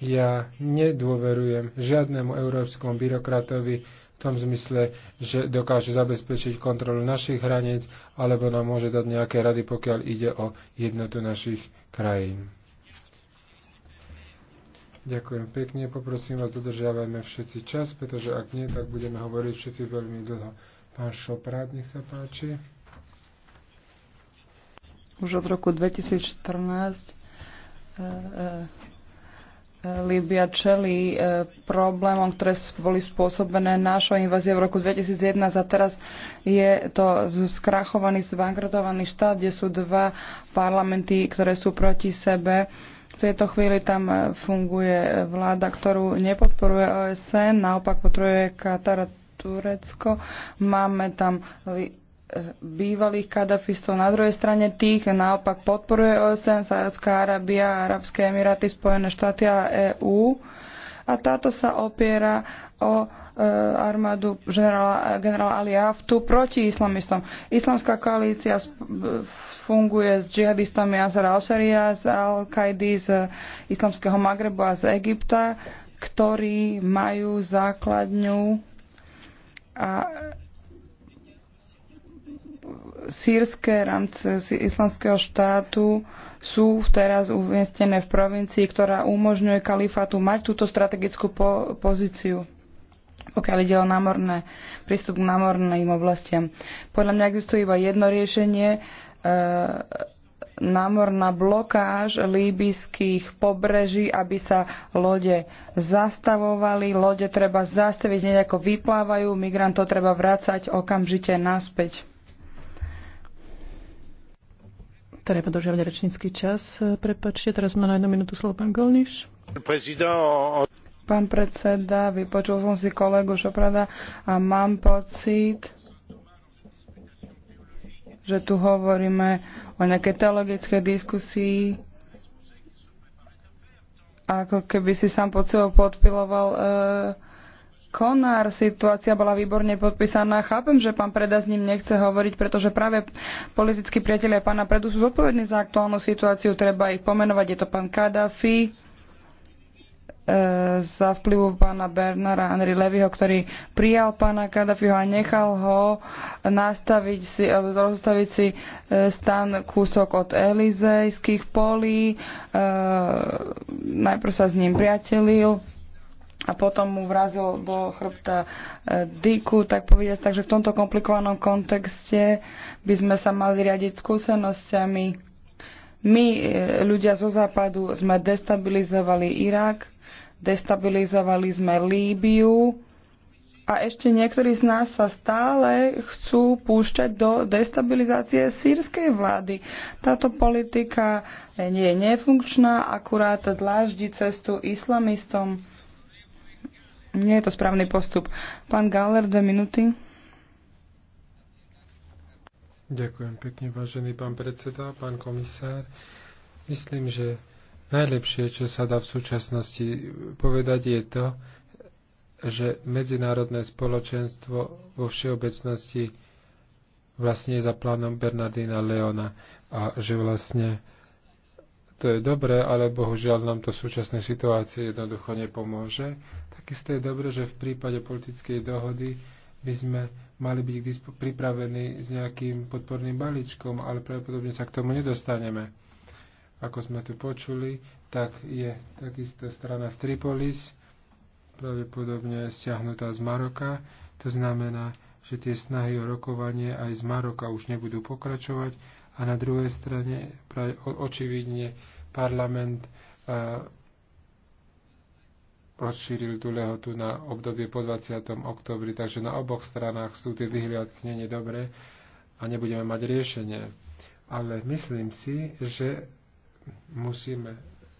Ja nedôverujem žiadnemu európskom byrokratovi v tom zmysle, že dokáže zabezpečiť kontrolu našich hraníc alebo nám môže dať nejaké rady, pokiaľ ide o jednotu našich krajín. Ďakujem pekne. Poprosím vás, dodržiavajme všetci čas, pretože ak nie, tak budeme hovoriť všetci veľmi dlho. Pán Šoprát, nech sa páči. Už od roku 2014 e, e, e čelí e, problémom, ktoré boli spôsobené našou inváziou v roku 2001 a teraz je to skrachovaný, zbankrotovaný štát, kde sú dva parlamenty, ktoré sú proti sebe. E, v tejto chvíli tam e, funguje e, vláda, ktorú nepodporuje OSN, naopak potrebuje Katar a Turecko. Máme tam e, bývalých kadafistov, na druhej strane tých naopak podporuje OSN, Sádzka Arábia, Arabské Emiráty, Spojené štáty a EÚ. A táto sa opiera o E, armádu generála, generála Ali Aftu proti islamistom. Islamská koalícia e, funguje s džihadistami Azara Osaria, z Al-Kaidi, z islamského Magrebu a z Egypta, ktorí majú základňu a sírske rámce islamského štátu sú teraz umiestnené v provincii, ktorá umožňuje kalifátu mať túto strategickú po- pozíciu pokiaľ ide o námorné, prístup k námorným oblastiam. Podľa mňa existuje iba jedno riešenie, e, námorná blokáž líbyských pobreží, aby sa lode zastavovali. Lode treba zastaviť, nejako vyplávajú, migrantov treba vrácať okamžite naspäť. Treba dodržiavať rečnícky čas. Prepačte, teraz má na jednu minútu slovo pán Golniš. Pán predseda, vypočul som si kolegu Šoprada a mám pocit, že tu hovoríme o nejakej teologickej diskusii, ako keby si sám pod sebou podpiloval e, Konár, situácia bola výborne podpísaná. Chápem, že pán Preda s ním nechce hovoriť, pretože práve politickí priatelia pána Predu sú zodpovední za aktuálnu situáciu. Treba ich pomenovať. Je to pán Kadafi. E, za vplyvu pána Bernara Henry Levyho, ktorý prijal pána Kadafiho a nechal ho nastaviť si, e, rozstaviť si e, stan kúsok od elizejských polí. Najprv sa s ním priatelil, a potom mu vrazil do chrbta dyku, tak povediať. Takže v tomto komplikovanom kontexte by sme sa mali riadiť skúsenosťami. My, ľudia zo západu, sme destabilizovali Irak, destabilizovali sme Líbiu a ešte niektorí z nás sa stále chcú púšťať do destabilizácie sírskej vlády. Táto politika nie je nefunkčná, akurát dláždi cestu islamistom. Nie je to správny postup. Pán Galler, dve minúty. Ďakujem pekne, vážený pán predseda, pán komisár. Myslím, že Najlepšie, čo sa dá v súčasnosti povedať, je to, že medzinárodné spoločenstvo vo všeobecnosti vlastne je za plánom Bernardina Leona a že vlastne to je dobré, ale bohužiaľ nám to v súčasnej situácii jednoducho nepomôže. Takisto je dobré, že v prípade politickej dohody by sme mali byť pripravení s nejakým podporným balíčkom, ale pravdepodobne sa k tomu nedostaneme ako sme tu počuli, tak je takisto strana v Tripolis, pravdepodobne stiahnutá z Maroka. To znamená, že tie snahy o rokovanie aj z Maroka už nebudú pokračovať a na druhej strane očividne parlament e, rozšíril tú lehotu na obdobie po 20. oktobri, takže na oboch stranách sú tie vyhliadky nedobré a nebudeme mať riešenie. Ale myslím si, že musíme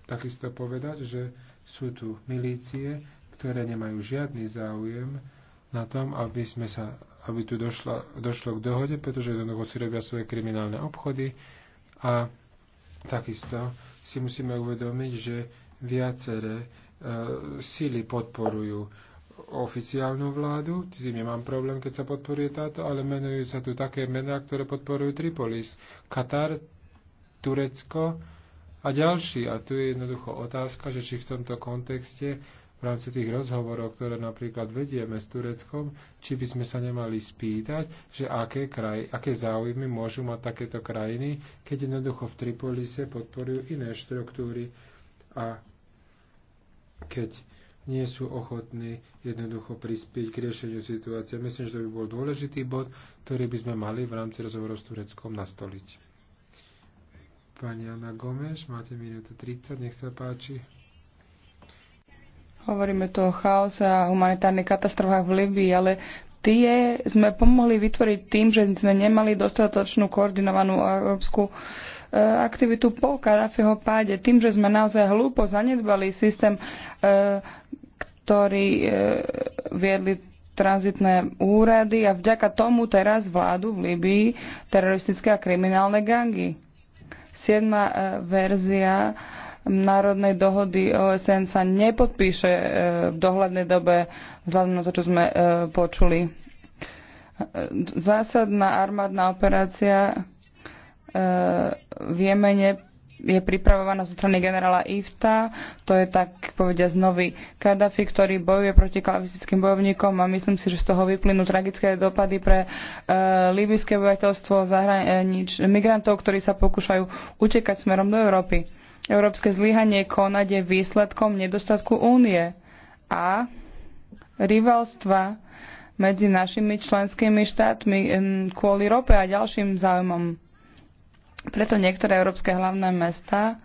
takisto povedať, že sú tu milície, ktoré nemajú žiadny záujem na tom, aby, sme sa, aby tu došla, došlo k dohode, pretože jednoducho si robia svoje kriminálne obchody a takisto si musíme uvedomiť, že viaceré e, síly podporujú oficiálnu vládu, s tým nemám problém, keď sa podporuje táto, ale menujú sa tu také mená, ktoré podporujú Tripolis, Katar, Turecko, a ďalší, a tu je jednoducho otázka, že či v tomto kontexte v rámci tých rozhovorov, ktoré napríklad vedieme s Tureckom, či by sme sa nemali spýtať, že aké, kraj, aké záujmy môžu mať takéto krajiny, keď jednoducho v Tripolise podporujú iné štruktúry a keď nie sú ochotní jednoducho prispieť k riešeniu situácie. Myslím, že to by bol dôležitý bod, ktorý by sme mali v rámci rozhovorov s Tureckom nastoliť. Pani Anna Gomeš, máte minútu 30, nech sa páči. Hovoríme tu o chaose a humanitárnych katastrofách v Libii, ale tie sme pomohli vytvoriť tým, že sme nemali dostatočnú koordinovanú európsku e, aktivitu po Kadafiho páde. Tým, že sme naozaj hlúpo zanedbali systém, e, ktorý e, viedli tranzitné úrady a vďaka tomu teraz vládu v Libii teroristické a kriminálne gangy. 7. E, verzia národnej dohody OSN sa nepodpíše e, v dohľadnej dobe vzhľadom na to, čo sme e, počuli. Zásadná armádna operácia v Jemene je pripravovaná zo strany generála Ifta, to je tak povediať nový Kadafi, ktorý bojuje proti kalavistickým bojovníkom a myslím si, že z toho vyplynú tragické dopady pre e, líbyské obyvateľstvo zahranič, migrantov, ktorí sa pokúšajú utekať smerom do Európy. Európske zlyhanie konať je výsledkom nedostatku únie a rivalstva medzi našimi členskými štátmi kvôli rope a ďalším záujmom preto niektoré európske hlavné mesta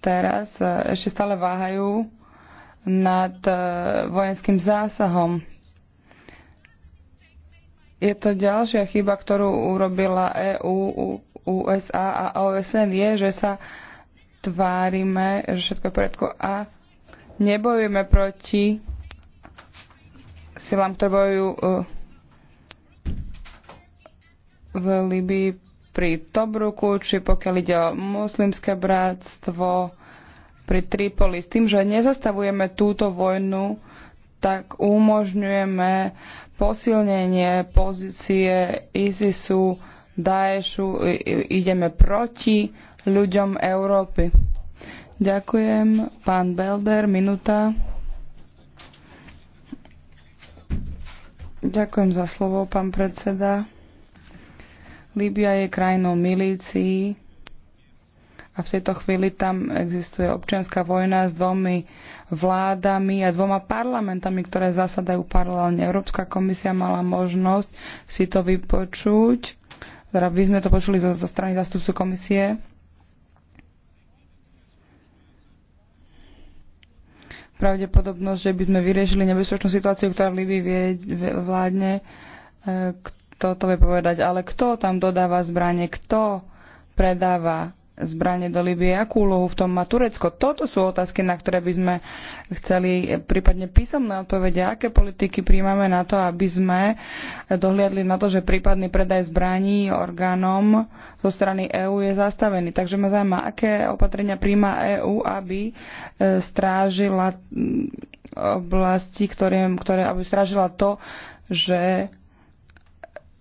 teraz e, ešte stále váhajú nad e, vojenským zásahom. Je to ďalšia chyba, ktorú urobila EU, USA a OSN, je, že sa tvárime, že všetko je poriadku a nebojujeme proti silám, ktoré bojujú e, v Libii pri Tobruku, či pokiaľ ide o muslimské bratstvo, pri Tripoli. S tým, že nezastavujeme túto vojnu, tak umožňujeme posilnenie pozície ISISu, Daešu, ideme proti ľuďom Európy. Ďakujem. Pán Belder, minúta. Ďakujem za slovo, pán predseda. Líbia je krajinou milícií a v tejto chvíli tam existuje občianská vojna s dvomi vládami a dvoma parlamentami, ktoré zasadajú paralelne. Európska komisia mala možnosť si to vypočuť. Teda by sme to počuli zo, zo strany zastupcu komisie. pravdepodobnosť, že by sme vyriešili nebezpečnú situáciu, ktorá v Líbii vládne, e, kto to vie povedať, ale kto tam dodáva zbranie, kto predáva zbranie do Libie, akú úlohu v tom má Turecko. Toto sú otázky, na ktoré by sme chceli prípadne písomné odpovede, aké politiky príjmame na to, aby sme dohliadli na to, že prípadný predaj zbraní orgánom zo strany EÚ je zastavený. Takže ma zaujíma, aké opatrenia príjma EÚ, aby e, strážila oblasti, ktoré, ktoré aby strážila to, že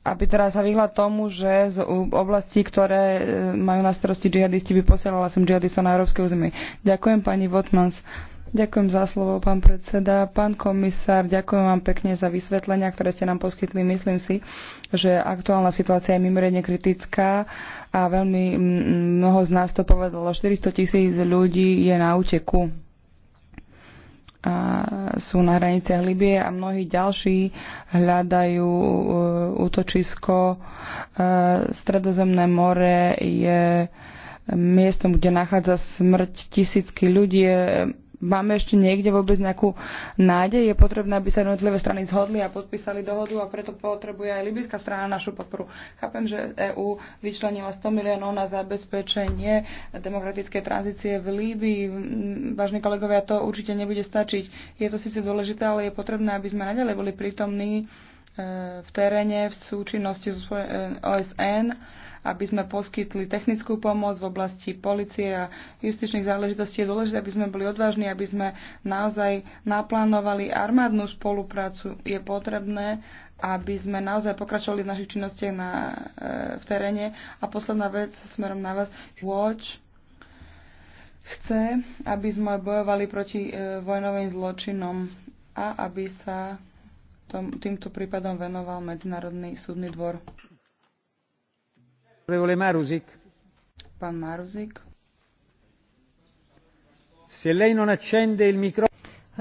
aby teda sa vyhla tomu, že z oblastí, ktoré e, majú na starosti džihadisti, by posielala som džihadistov na európske územie. Ďakujem pani Votmans. Ďakujem za slovo, pán predseda. Pán komisár, ďakujem vám pekne za vysvetlenia, ktoré ste nám poskytli. Myslím si, že aktuálna situácia je mimoriadne kritická a veľmi mnoho z nás to povedalo. 400 tisíc ľudí je na úteku a sú na hraniciach Libie a mnohí ďalší hľadajú uh, útočisko. Uh, Stredozemné more je miestom, kde nachádza smrť tisícky ľudí máme ešte niekde vôbec nejakú nádej. Je potrebné, aby sa jednotlivé strany zhodli a podpísali dohodu a preto potrebuje aj libyská strana našu podporu. Chápem, že EÚ vyčlenila 100 miliónov na zabezpečenie demokratické tranzície v Líbii. Vážni kolegovia, to určite nebude stačiť. Je to síce dôležité, ale je potrebné, aby sme naďalej boli prítomní e, v teréne, v súčinnosti e, s OSN aby sme poskytli technickú pomoc v oblasti policie a justičných záležitostí. Je dôležité, aby sme boli odvážni, aby sme naozaj naplánovali armádnu spoluprácu. Je potrebné, aby sme naozaj pokračovali v našich činnostiach na, e, v teréne. A posledná vec smerom na vás. Watch chce, aby sme bojovali proti e, vojnovým zločinom a aby sa tom, týmto prípadom venoval Medzinárodný súdny dvor. Ak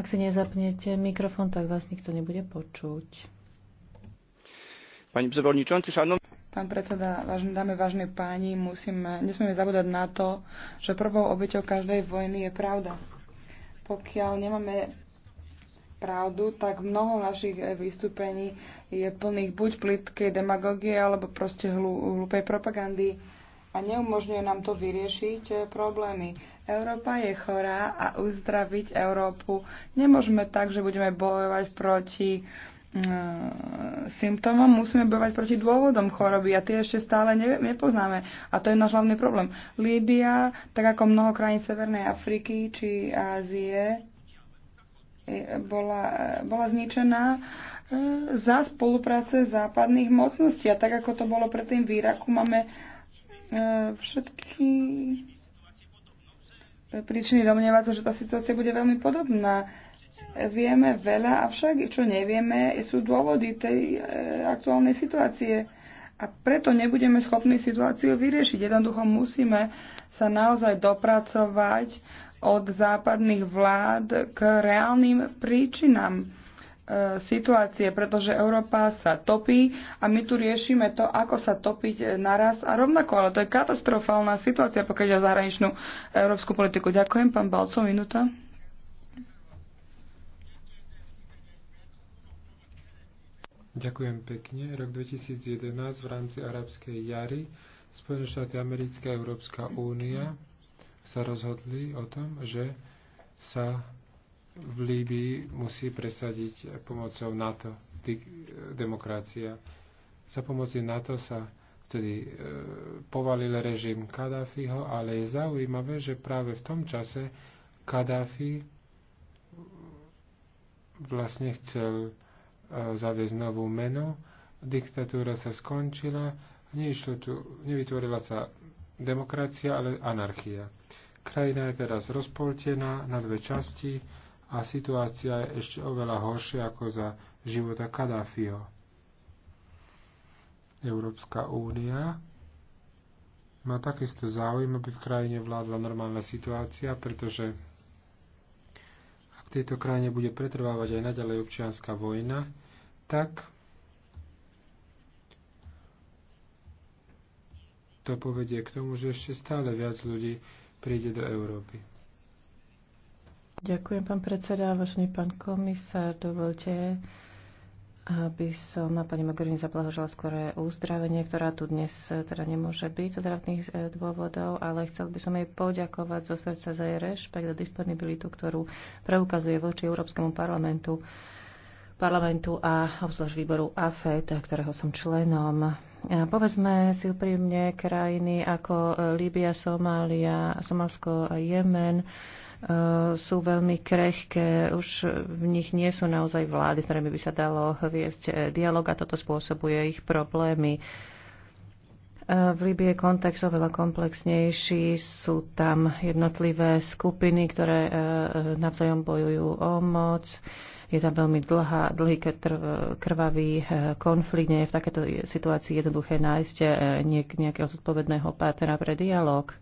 si nezapnete mikrofón, tak vás nikto nebude počuť. Pani przewodniczący, szanowni... Pán predseda, vážne dáme, vážne páni, musíme, nesmieme zabúdať na to, že prvou obeťou každej vojny je pravda. Pokiaľ nemáme pravdu, tak mnoho našich eh, vystúpení je plných buď plitkej demagogie, alebo proste hlú, hlúpej propagandy a neumožňuje nám to vyriešiť eh, problémy. Európa je chorá a uzdraviť Európu nemôžeme tak, že budeme bojovať proti eh, symptómom, musíme bojovať proti dôvodom choroby a tie ešte stále ne, nepoznáme. A to je náš hlavný problém. Líbia, tak ako mnoho krajín Severnej Afriky či Ázie, bola, bola zničená e, za spolupráce západných mocností. A tak, ako to bolo predtým v Iraku, máme e, všetky príčiny domnievať sa, že tá situácia bude veľmi podobná. Vieme veľa, avšak čo nevieme, sú dôvody tej e, aktuálnej situácie. A preto nebudeme schopní situáciu vyriešiť. Jednoducho musíme sa naozaj dopracovať od západných vlád k reálnym príčinám e, situácie, pretože Európa sa topí a my tu riešime to, ako sa topiť naraz a rovnako, ale to je katastrofálna situácia, pokiaľ ide o zahraničnú európsku politiku. Ďakujem, pán Balco, minúta. Ďakujem pekne. Rok 2011 v rámci arabskej jary Spojené štáty americké a Európska únia sa rozhodli o tom, že sa v Líbii musí presadiť pomocou NATO, demokracia. Za pomoci NATO sa vtedy e, povalil režim Kadáfiho, ale je zaujímavé, že práve v tom čase Kadáfi vlastne chcel e, zaviesť novú menu, diktatúra sa skončila, tu, nevytvorila sa demokracia, ale anarchia. Krajina je teraz rozpoltená na dve časti a situácia je ešte oveľa horšia ako za života Kadáfiho. Európska únia má takisto záujem, aby v krajine vládla normálna situácia, pretože ak v tejto krajine bude pretrvávať aj naďalej občianská vojna, tak to povedie k tomu, že ešte stále viac ľudí príde do Európy. Ďakujem, pán predseda, vážený pán komisár. Dovolte, aby som na pani Mogherini zablahožila skoré uzdravenie, ktorá tu dnes teda nemôže byť zo zdravotných e, dôvodov, ale chcel by som jej poďakovať zo srdca za jej rešpekt a disponibilitu, ktorú preukazuje voči Európskemu parlamentu parlamentu a obzvlášť výboru AFET, ktorého som členom. Povedzme si úprimne, krajiny ako e, Líbia, Somália, Somalsko a Jemen e, sú veľmi krehké, už v nich nie sú naozaj vlády, s ktorými by sa dalo viesť e, dialog a toto spôsobuje ich problémy. V Libii je kontext oveľa komplexnejší, sú tam jednotlivé skupiny, ktoré navzájom bojujú o moc je tam veľmi dlhá, dlhý e, krvavý e, konflikt. Nie je v takéto situácii jednoduché nájsť e, nejakého zodpovedného partnera pre dialog.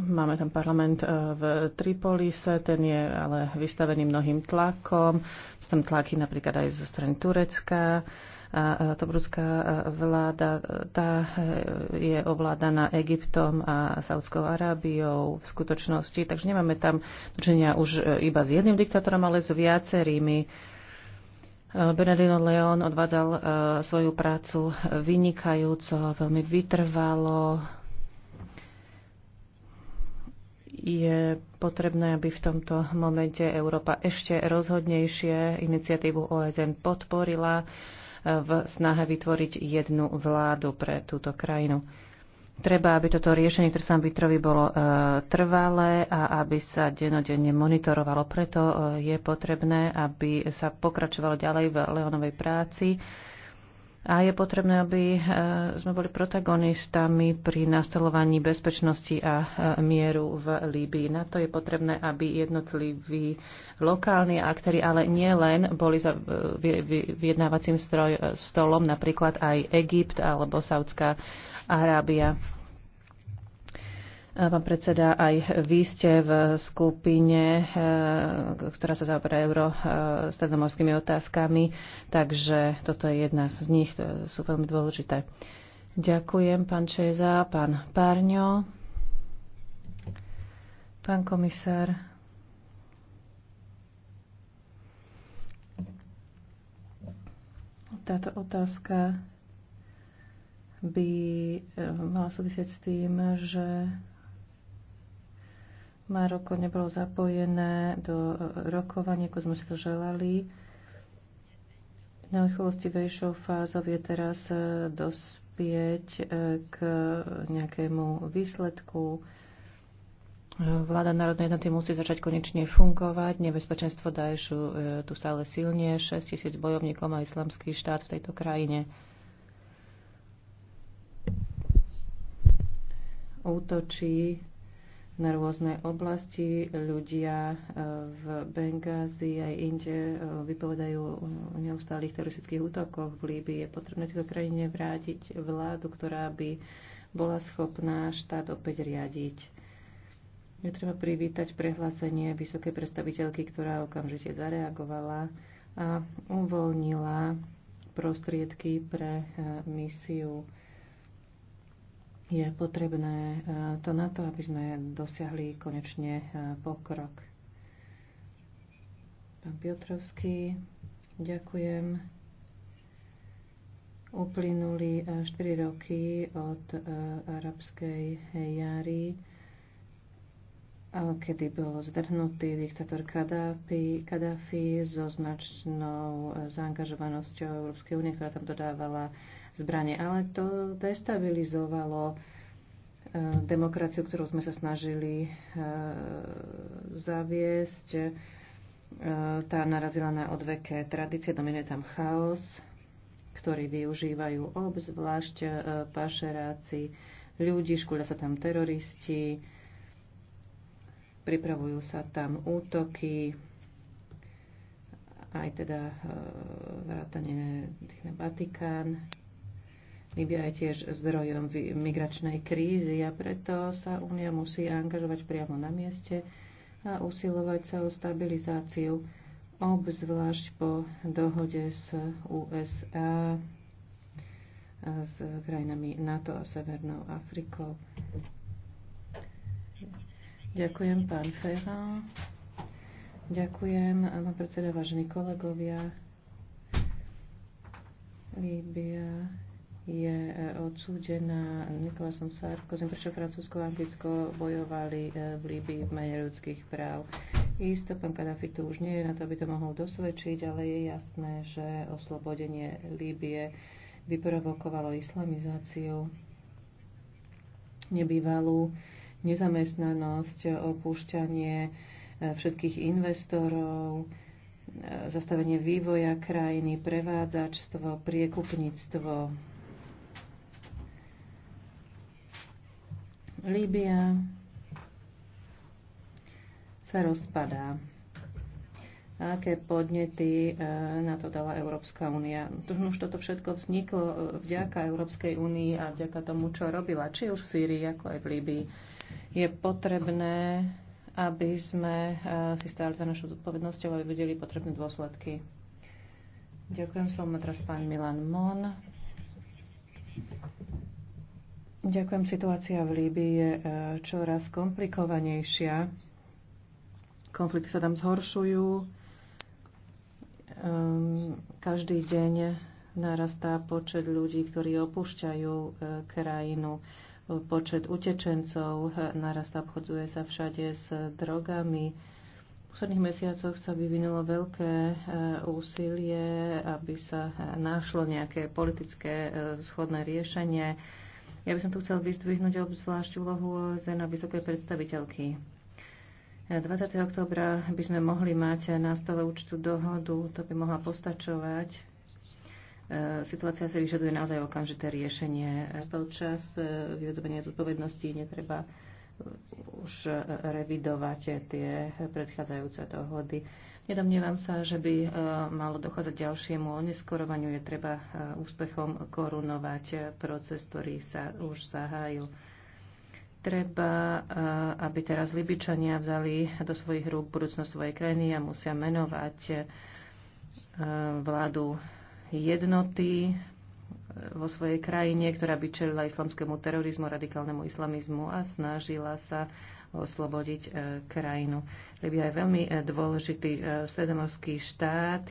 Máme tam parlament v Tripolise, ten je ale vystavený mnohým tlakom. Sú tam tlaky napríklad aj zo strany Turecka. A Tobrudská vláda, tá e, je ovládaná Egyptom a Saudskou Arábiou v skutočnosti, takže nemáme tam dočenia už e, iba s jedným diktátorom, ale s viacerými. E, Bernardino Leon odvádzal svoju prácu vynikajúco, veľmi vytrvalo. Je potrebné, aby v tomto momente Európa ešte rozhodnejšie iniciatívu OSN podporila v snahe vytvoriť jednu vládu pre túto krajinu. Treba, aby toto riešenie, Trsan Vitrovi bolo e, trvalé a aby sa denodenne monitorovalo. Preto e, je potrebné, aby sa pokračovalo ďalej v Leonovej práci a je potrebné, aby e, sme boli protagonistami pri nastolovaní bezpečnosti a e, mieru v Líbii. Na to je potrebné, aby jednotliví lokálni aktéry, ale nie len, boli za e, vyjednávacím stroj, stolom, napríklad aj Egypt alebo Saudská Arábia. Pán predseda, aj vy ste v skupine, e, ktorá sa zaoberá euro e, stredomorskými otázkami, takže toto je jedna z nich, sú veľmi dôležité. Ďakujem, pán Čeza, pán Párňo, pán komisár. Táto otázka by e, mala súvisieť s tým, že Maroko nebolo zapojené do e, rokovania, ako sme si to želali. vejšou fázou je teraz e, dospieť e, k nejakému výsledku. Vláda národnej jednoty musí začať konečne fungovať. Nebezpečenstvo Daešu tu stále silne. 6 tisíc bojovníkov má islamský štát v tejto krajine. Útočí na rôzne oblasti. Ľudia e, v Bengázi aj inde e, vypovedajú o neustálých teroristických útokoch v Líbii. Je potrebné tejto krajine vrátiť vládu, ktorá by bola schopná štát opäť riadiť. Je treba privítať prehlásenie vysokej predstaviteľky, ktorá okamžite zareagovala a uvoľnila prostriedky pre e, misiu je potrebné e, to na to, aby sme dosiahli konečne e, pokrok. Pán Piotrovský, ďakujem. Uplynuli 4 e, roky od arabskej jary kedy bol zdrhnutý diktátor Kadáfi, Kadáfi so značnou zaangažovanosťou Európskej únie, ktorá tam dodávala zbranie. Ale to destabilizovalo e, demokraciu, ktorú sme sa snažili e, zaviesť. E, tá narazila na odveké tradície, dominuje tam chaos, ktorý využívajú obzvlášť pašeráci ľudí, škúľa sa tam teroristi, pripravujú sa tam útoky, aj teda e, vrátanie na Vatikán. Libia je tiež zdrojom migračnej krízy a preto sa Únia musí angažovať priamo na mieste a usilovať sa o stabilizáciu, obzvlášť po dohode s USA, s krajinami NATO a Severnou Afrikou. Ďakujem, pán Fera. Ďakujem, pán predseda, vážení kolegovia. Líbia je e, odsúdená Nikolasom rozkozím, prečo Francúzsko a Anglicko bojovali e, v Líbii v mene ľudských práv. Isto, pán Kadafi tu už nie je na to, aby to mohol dosvedčiť, ale je jasné, že oslobodenie Líbie vyprovokovalo islamizáciu nebývalú nezamestnanosť, opúšťanie e, všetkých investorov, e, zastavenie vývoja krajiny, prevádzačstvo, priekupníctvo. Líbia sa rozpadá. Aké podnety e, na to dala Európska únia? Už toto všetko vzniklo vďaka Európskej únii a vďaka tomu, čo robila, či už v Sýrii, ako aj v Líbii. Je potrebné, aby sme e, si stáli za našou zodpovednosťou a vyvedeli potrebné dôsledky. Ďakujem slovo teraz pán Milan Mon. Ďakujem. Situácia v Líbii je e, čoraz komplikovanejšia. Konflikty sa tam zhoršujú. Ehm, každý deň narastá počet ľudí, ktorí opúšťajú e, krajinu počet utečencov eh, narasta, obchodzuje sa všade s drogami. V posledných mesiacoch sa vyvinulo veľké eh, úsilie, aby sa eh, našlo nejaké politické schodné riešenie. Ja by som tu chcel vyzdvihnúť obzvlášť úlohu Zena vysokej predstaviteľky. 20. oktobra by sme mohli mať na stole účtu dohodu, to by mohla postačovať E, situácia sa vyžaduje naozaj okamžité riešenie. Stal čas e, vyvedovania zodpovedností netreba už e, revidovať tie predchádzajúce dohody. Nedomnievam sa, že by malo dochádzať ďalšiemu oneskorovaniu. Je treba úspechom korunovať proces, ktorý sa už zahájil. Treba, aby teraz Libičania vzali do svojich rúk budúcnosť svojej krajiny a musia menovať vládu jednoty eh, vo svojej krajine, ktorá by čelila islamskému terorizmu, radikálnemu islamizmu a snažila sa oslobodiť eh, krajinu. Libia je veľmi eh, dôležitý stredomorský štát,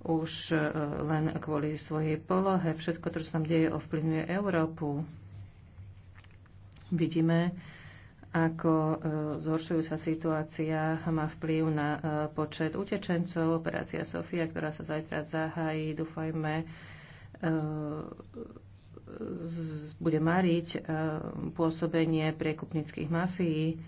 už len kvôli svojej polohe. Všetko, čo sa tam deje, ovplyvňuje Európu. Vidíme, ako e, zhoršujúca situácia má vplyv na e, počet utečencov. Operácia Sofia, ktorá sa zajtra zahájí, dúfajme, e, bude mariť pôsobenie priekupnických mafií.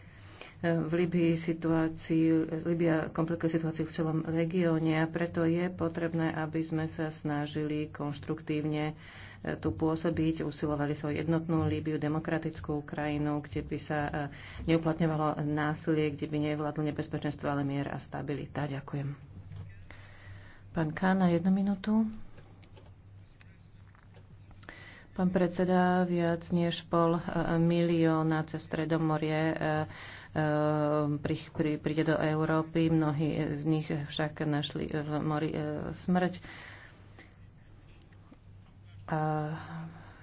V Libii situáciu, Libia komplikuje situáciu v celom regióne a preto je potrebné, aby sme sa snažili konštruktívne tu pôsobiť, usilovali sa o jednotnú Líbiu, demokratickú krajinu, kde by sa e, neuplatňovalo násilie, kde by nevládlo nebezpečenstvo, ale mier a stabilita. Ďakujem. Pán na jednu minútu. Pán predseda, viac než pol e, milióna cez Stredomorie e, príde do Európy. Mnohí z nich však našli v mori smrť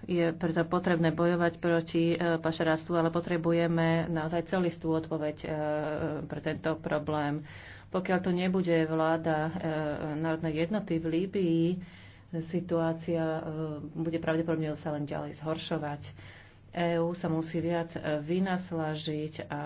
je preto potrebné bojovať proti e, pašeráctvu, ale potrebujeme naozaj celistú odpoveď e, pre tento problém. Pokiaľ to nebude vláda e, národnej jednoty v Líbii, situácia bude pravdepodobne sa len ďalej zhoršovať. EÚ sa musí viac vynaslažiť a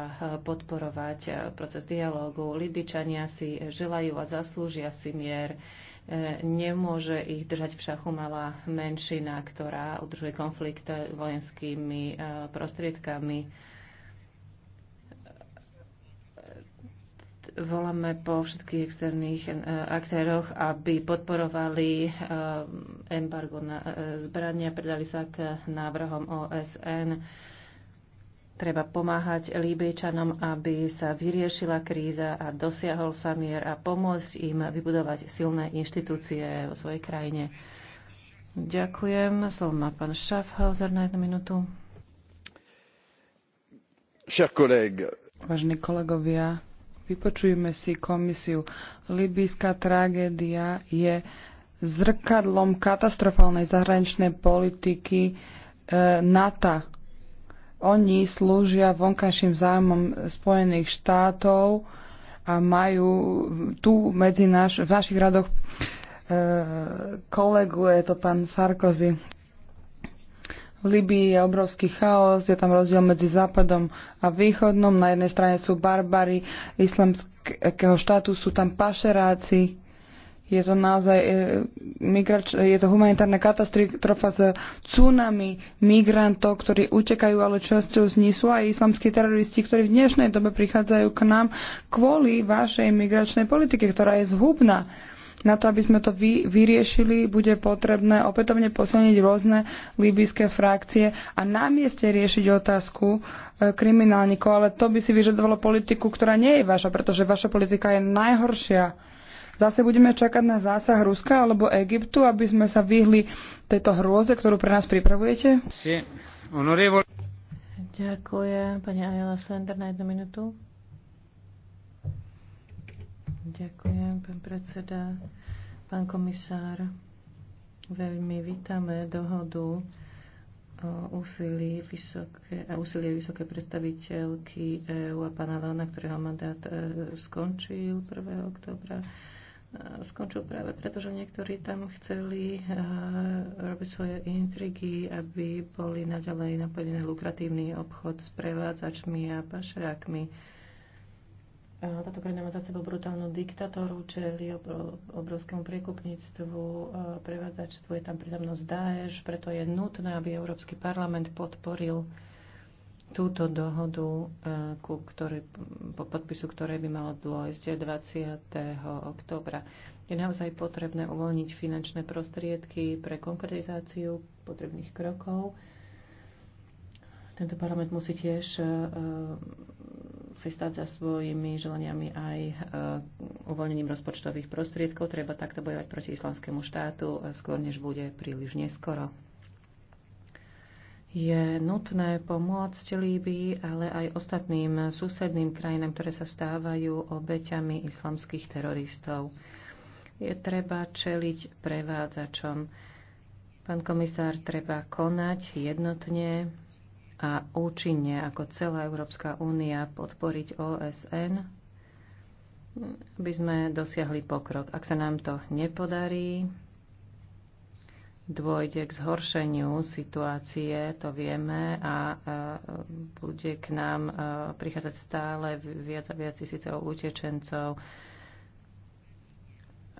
podporovať proces dialógu. Libyčania si želajú a zaslúžia si mier. E, nemôže ich držať v šachu malá menšina, ktorá udržuje konflikt vojenskými e, prostriedkami. E, voláme po všetkých externých aktéroch, aby podporovali embargo na zbrania, predali sa k návrhom OSN Treba pomáhať Líbejčanom, aby sa vyriešila kríza a dosiahol sa mier a pomôcť im vybudovať silné inštitúcie vo svojej krajine. Ďakujem. Slovo má pán Schaffhauser na jednu minútu. Vážení kolegovia, vypočujeme si komisiu. Libyjská tragédia je zrkadlom katastrofálnej zahraničnej politiky eh, NATO oni slúžia vonkajším zájmom Spojených štátov a majú tu medzi naš, v našich radoch e, kolegu, je to pán Sarkozy. V Libii je obrovský chaos, je tam rozdiel medzi západom a východnom. Na jednej strane sú barbary islamského štátu, sú tam pašeráci, je to naozaj e, migrač, je to humanitárna katastrofa s tsunami migrantov, ktorí utekajú, ale časťou z nich sú aj islamskí teroristi, ktorí v dnešnej dobe prichádzajú k nám kvôli vašej migračnej politike, ktorá je zhubná. Na to, aby sme to vy, vyriešili, bude potrebné opätovne posilniť rôzne líbyjské frakcie a na mieste riešiť otázku e, kriminálnikov, ale to by si vyžadovalo politiku, ktorá nie je vaša, pretože vaša politika je najhoršia Zase budeme čakať na zásah Ruska alebo Egyptu, aby sme sa vyhli tejto hrôze, ktorú pre nás pripravujete? Ďakujem, pani Ayala Sender, na jednu minútu. Ďakujem, pán predseda, pán komisár. Veľmi vítame dohodu úsilí vysoké, a úsilie vysoké predstaviteľky EU a pána Lona, ktorého mandát e, skončil 1. oktobra. E, skončil práve preto, že niektorí tam chceli e, robiť svoje intrigy, aby boli naďalej napojené lukratívny obchod s prevádzačmi a pašrákmi. Táto krajina má za sebou brutálnu diktatóru, čeli obrovskému priekupníctvu, e, prevádzačstvu, je tam prítomnosť Daesh, preto je nutné, aby Európsky parlament podporil túto dohodu, e, ku ktorý, po podpisu ktorej by malo dôjsť 20. oktobra. Je naozaj potrebné uvoľniť finančné prostriedky pre konkretizáciu potrebných krokov. Tento parlament musí tiež e, e, si stať za svojimi želaniami aj uvoľnením rozpočtových prostriedkov. Treba takto bojovať proti islamskému štátu skôr, než bude príliš neskoro. Je nutné pomôcť Líbii, ale aj ostatným susedným krajinám, ktoré sa stávajú obeťami islamských teroristov. Je treba čeliť prevádzačom. Pán komisár, treba konať jednotne a účinne ako celá Európska únia podporiť OSN, aby sme dosiahli pokrok. Ak sa nám to nepodarí, dôjde k zhoršeniu situácie, to vieme, a bude k nám prichádzať stále viac a viac tisíce utečencov.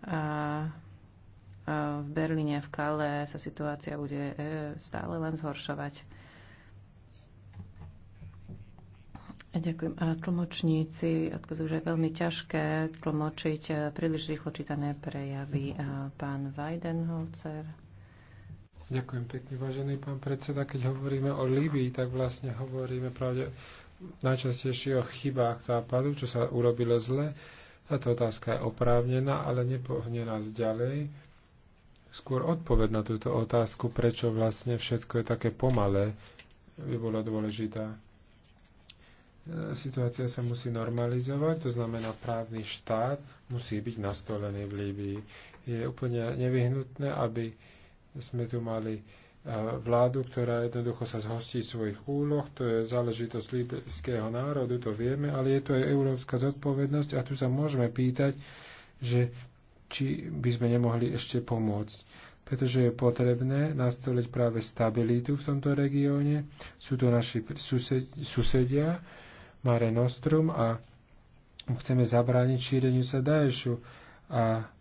A v Berlíne, v Kale sa situácia bude e, stále len zhoršovať. Ďakujem. A tlmočníci, odkazujú, že je veľmi ťažké tlmočiť e, príliš rýchlo čítané prejavy. Pán Weidenholzer. Ďakujem pekne, vážený pán predseda. Keď hovoríme o Líbii, tak vlastne hovoríme pravde najčastejšie o chybách západu, čo sa urobilo zle. Táto otázka je oprávnená, ale nepohne nás ďalej. Skôr odpoved na túto otázku, prečo vlastne všetko je také pomalé, by bola dôležitá. E, situácia sa musí normalizovať, to znamená právny štát musí byť nastolený v Líbii. Je úplne nevyhnutné, aby sme tu mali e, vládu, ktorá jednoducho sa zhostí svojich úloh, to je záležitosť líbyského národu, to vieme, ale je to aj európska zodpovednosť a tu sa môžeme pýtať, že či by sme nemohli ešte pomôcť. Pretože je potrebné nastoliť práve stabilitu v tomto regióne. Sú to naši sused, susedia, Mare Nostrum a chceme zabrániť šíreniu sa Daešu. A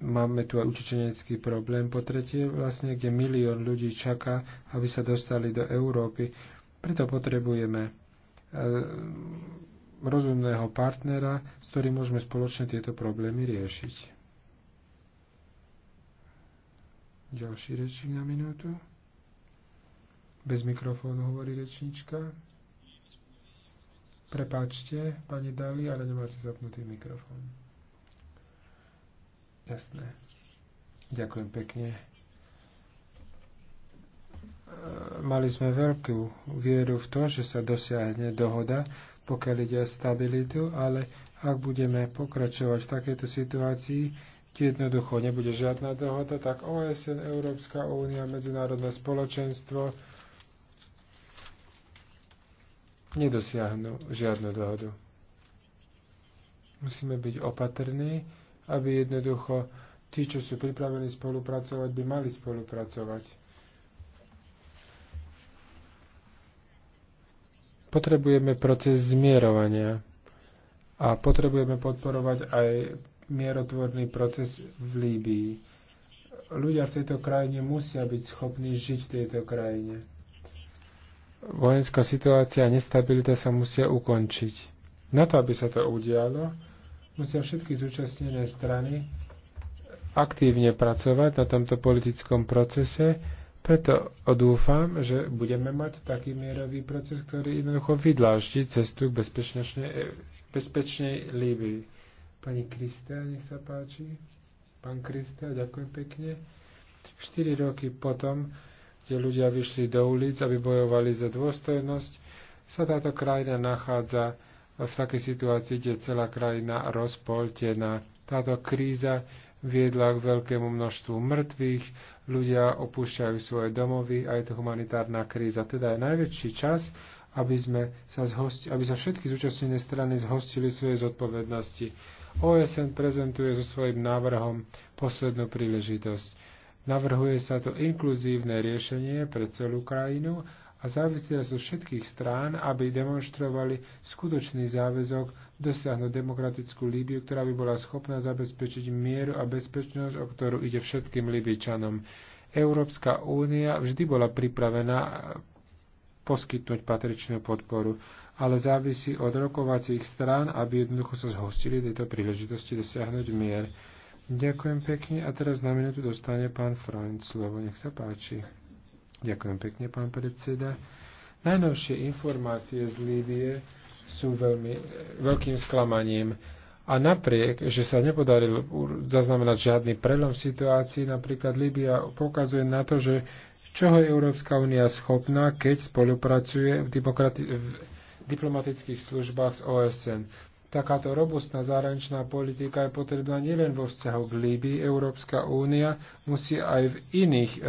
Máme tu aj učečenecký problém. Po tretie, vlastne, kde milión ľudí čaká, aby sa dostali do Európy. Preto potrebujeme e, rozumného partnera, s ktorým môžeme spoločne tieto problémy riešiť. Ďalší rečník na minútu. Bez mikrofónu hovorí rečníčka. Prepáčte, pani Dali, ale nemáte zapnutý mikrofón. Jasné. Ďakujem pekne. E, mali sme veľkú vieru v to, že sa dosiahne dohoda, pokiaľ ide o stabilitu, ale ak budeme pokračovať v takejto situácii, kde jednoducho nebude žiadna dohoda, tak OSN, Európska únia, medzinárodné spoločenstvo nedosiahnu žiadnu dohodu. Musíme byť opatrní aby jednoducho tí, čo sú pripravení spolupracovať, by mali spolupracovať. Potrebujeme proces zmierovania a potrebujeme podporovať aj mierotvorný proces v Líbii. Ľudia v tejto krajine musia byť schopní žiť v tejto krajine. Vojenská situácia a nestabilita sa musia ukončiť. Na to, aby sa to udialo, Musia všetky zúčastnené strany aktívne pracovať na tomto politickom procese, preto dúfam, že budeme mať taký mierový proces, ktorý jednoducho vydláždi cestu k bezpečnej, e, bezpečnej Líbii. Pani Krista, nech sa páči. Pán Krista, ďakujem pekne. 4 roky potom, kde ľudia vyšli do ulic, aby bojovali za dôstojnosť, sa táto krajina nachádza v takej situácii, kde celá krajina rozpoltená. Táto kríza viedla k veľkému množstvu mŕtvych, ľudia opúšťajú svoje domovy a je to humanitárna kríza. Teda je najväčší čas, aby, sme sa, zhosti, aby sa všetky zúčastnené strany zhostili svoje zodpovednosti. OSN prezentuje so svojím návrhom poslednú príležitosť. Navrhuje sa to inkluzívne riešenie pre celú krajinu a závisia zo všetkých strán, aby demonstrovali skutočný záväzok dosiahnuť demokratickú Líbiu, ktorá by bola schopná zabezpečiť mieru a bezpečnosť, o ktorú ide všetkým Libičanom. Európska únia vždy bola pripravená poskytnúť patričnú podporu, ale závisí od rokovacích strán, aby jednoducho sa zhostili tejto príležitosti dosiahnuť mier. Ďakujem pekne a teraz na minútu dostane pán Freund slovo. Nech sa páči. Ďakujem pekne, pán predseda. Najnovšie informácie z Líbie sú veľmi, veľkým sklamaním. A napriek, že sa nepodarilo zaznamenať žiadny prelom situácii, napríklad Líbia pokazuje na to, že čoho je Európska únia schopná, keď spolupracuje v, v diplomatických službách s OSN. Takáto robustná zahraničná politika je potrebná nielen vo vzťahu k Líbii. Európska únia musí aj v iných e,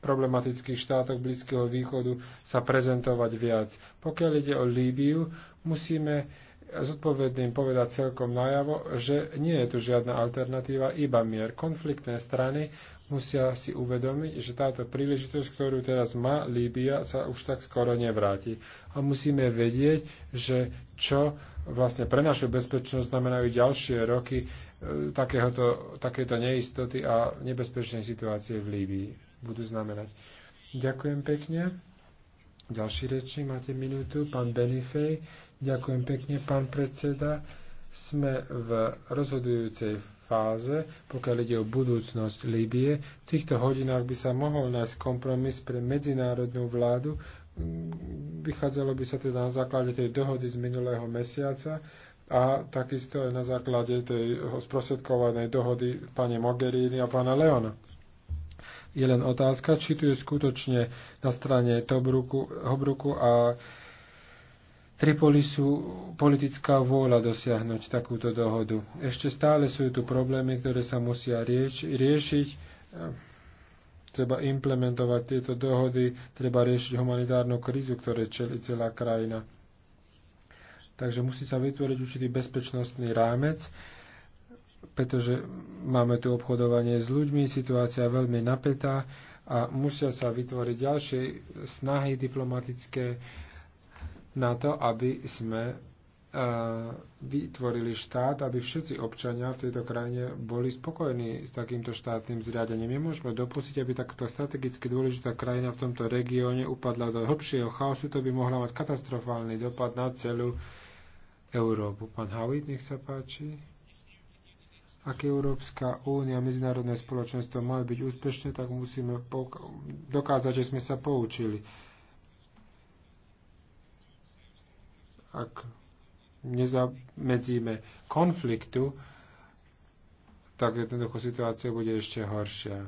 problematických štátoch Blízkeho východu sa prezentovať viac. Pokiaľ ide o Líbiu, musíme zodpovedným povedať celkom najavo, že nie je tu žiadna alternatíva, iba mier. Konfliktné strany musia si uvedomiť, že táto príležitosť, ktorú teraz má Líbia, sa už tak skoro nevráti. A musíme vedieť, že čo vlastne pre našu bezpečnosť znamenajú ďalšie roky e, takéhoto, takéto neistoty a nebezpečnej situácie v Líbii budú znamenať. Ďakujem pekne. Ďalší rečník, máte minútu, pán Benifej. Ďakujem pekne, pán predseda. Sme v rozhodujúcej fáze, pokiaľ ide o budúcnosť Líbie. V týchto hodinách by sa mohol nájsť kompromis pre medzinárodnú vládu. Vychádzalo by sa teda na základe tej dohody z minulého mesiaca a takisto aj na základe tej sprostredkovanej dohody pani Mogherini a pána Leona je len otázka, či tu je skutočne na strane Tobruku, Hobruku a Tripolisu politická vôľa dosiahnuť takúto dohodu. Ešte stále sú tu problémy, ktoré sa musia rieč, riešiť. Treba implementovať tieto dohody, treba riešiť humanitárnu krízu, ktoré čeli celá krajina. Takže musí sa vytvoriť určitý bezpečnostný rámec, pretože máme tu obchodovanie s ľuďmi, situácia je veľmi napätá a musia sa vytvoriť ďalšie snahy diplomatické na to, aby sme e, vytvorili štát, aby všetci občania v tejto krajine boli spokojní s takýmto štátnym zriadením. Nemôžeme dopustiť, aby takto strategicky dôležitá krajina v tomto regióne upadla do hlbšieho chaosu. To by mohla mať katastrofálny dopad na celú Európu. Pán Hawit, nech sa páči. Ak Európska únia a medzinárodné spoločenstvo majú byť úspešné, tak musíme dokázať, že sme sa poučili. Ak nezamedzíme konfliktu, tak jednoducho situácia bude ešte horšia.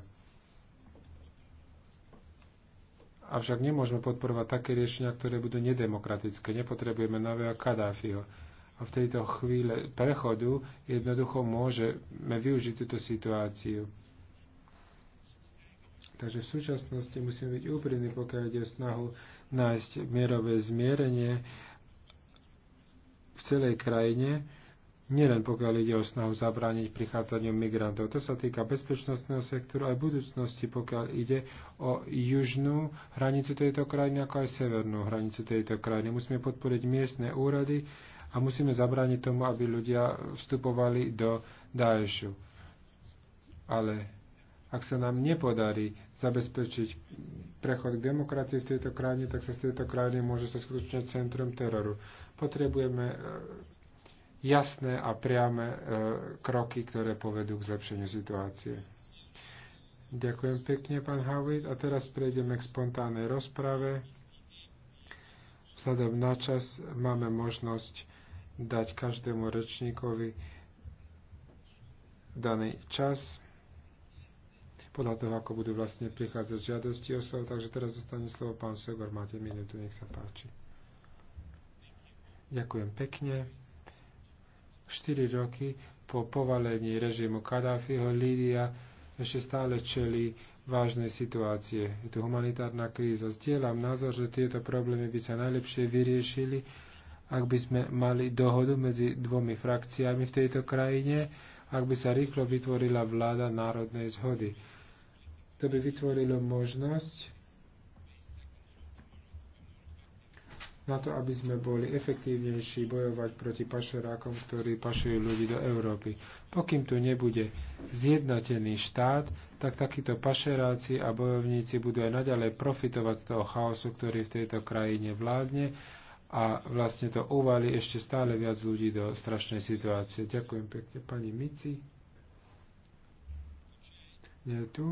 Avšak nemôžeme podporovať také riešenia, ktoré budú nedemokratické. Nepotrebujeme nového Kadáfiho v tejto chvíle prechodu jednoducho môžeme využiť túto situáciu. Takže v súčasnosti musíme byť úprimní, pokiaľ ide o snahu nájsť mierové zmierenie v celej krajine, nielen pokiaľ ide o snahu zabrániť prichádzaniu migrantov. To sa týka bezpečnostného sektoru aj budúcnosti, pokiaľ ide o južnú hranicu tejto krajiny, ako aj severnú hranicu tejto krajiny. Musíme podporiť miestne úrady, a musíme zabrániť tomu, aby ľudia vstupovali do Daešu. Ale ak sa nám nepodarí zabezpečiť prechod k demokracii v tejto krajine, tak sa z tejto krajiny môže sa skutočne centrum teroru. Potrebujeme e, jasné a priame e, kroky, ktoré povedú k zlepšeniu situácie. Ďakujem pekne, pán Howitt. A teraz prejdeme k spontánnej rozprave. Vzhľadom na čas máme možnosť dať každému rečníkovi daný čas podľa toho, ako budú vlastne prichádzať žiadosti o slovo. Takže teraz zostane slovo pán Segor. Máte minútu, nech sa páči. Ďakujem pekne. 4 roky po povalení režimu Kadáfiho Lídia ešte stále čeli vážne situácie. Je tu humanitárna kríza. Zdieľam názor, že tieto problémy by sa najlepšie vyriešili, ak by sme mali dohodu medzi dvomi frakciami v tejto krajine, ak by sa rýchlo vytvorila vláda národnej zhody. To by vytvorilo možnosť na to, aby sme boli efektívnejší bojovať proti pašerákom, ktorí pašujú ľudí do Európy. Pokým tu nebude zjednotený štát, tak takíto pašeráci a bojovníci budú aj naďalej profitovať z toho chaosu, ktorý v tejto krajine vládne a vlastne to uvali ešte stále viac ľudí do strašnej situácie. Ďakujem pekne. Pani Mici? Nie je tu?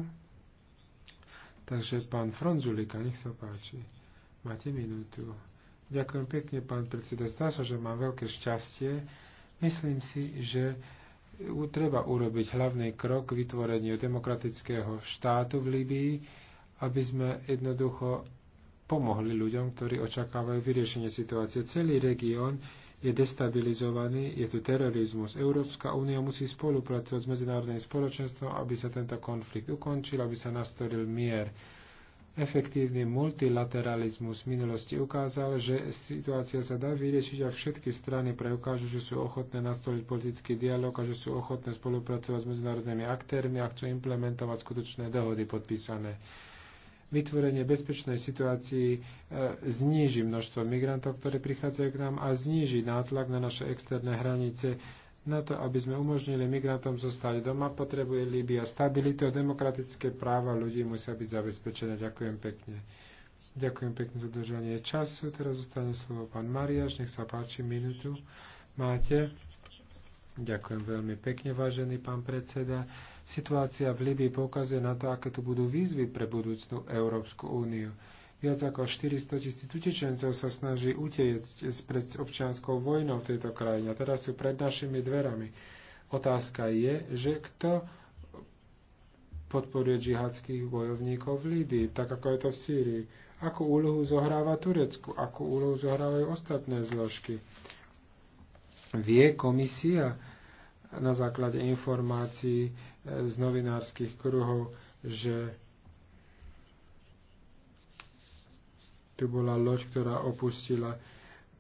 Takže pán Fronzulika, nech sa páči. Máte minútu. Ďakujem pekne, pán predseda. Zdá sa, že mám veľké šťastie. Myslím si, že treba urobiť hlavný krok k vytvoreniu demokratického štátu v Libii, aby sme jednoducho pomohli ľuďom, ktorí očakávajú vyriešenie situácie. Celý región je destabilizovaný, je tu terorizmus. Európska únia musí spolupracovať s medzinárodným spoločenstvom, aby sa tento konflikt ukončil, aby sa nastolil mier. Efektívny multilateralizmus v minulosti ukázal, že situácia sa dá vyriešiť, ak všetky strany preukážu, že sú ochotné nastoliť politický dialog a že sú ochotné spolupracovať s medzinárodnými aktérmi a chcú implementovať skutočné dohody podpísané vytvorenie bezpečnej situácii e, zníži množstvo migrantov, ktorí prichádzajú k nám a zníži nátlak na naše externé hranice. Na to, aby sme umožnili migrantom zostať doma, potrebuje Líbia stabilitu a demokratické práva ľudí musia byť zabezpečené. Ďakujem pekne. Ďakujem pekne za držanie času. Teraz zostane slovo pán Mariáš. Nech sa páči, minútu máte. Ďakujem veľmi pekne, vážený pán predseda. Situácia v Libii poukazuje na to, aké tu budú výzvy pre budúcnú Európsku úniu. Viac ako 400 tisíc utečencov sa snaží utiecť pred občianskou vojnou v tejto krajine. teraz sú pred našimi dverami. Otázka je, že kto podporuje džihadských bojovníkov v Líbii, tak ako je to v Sýrii. Akú úlohu zohráva Turecku? Akú úlohu zohrávajú ostatné zložky? Vie komisia, na základe informácií e, z novinárskych kruhov, že tu bola loď, ktorá opustila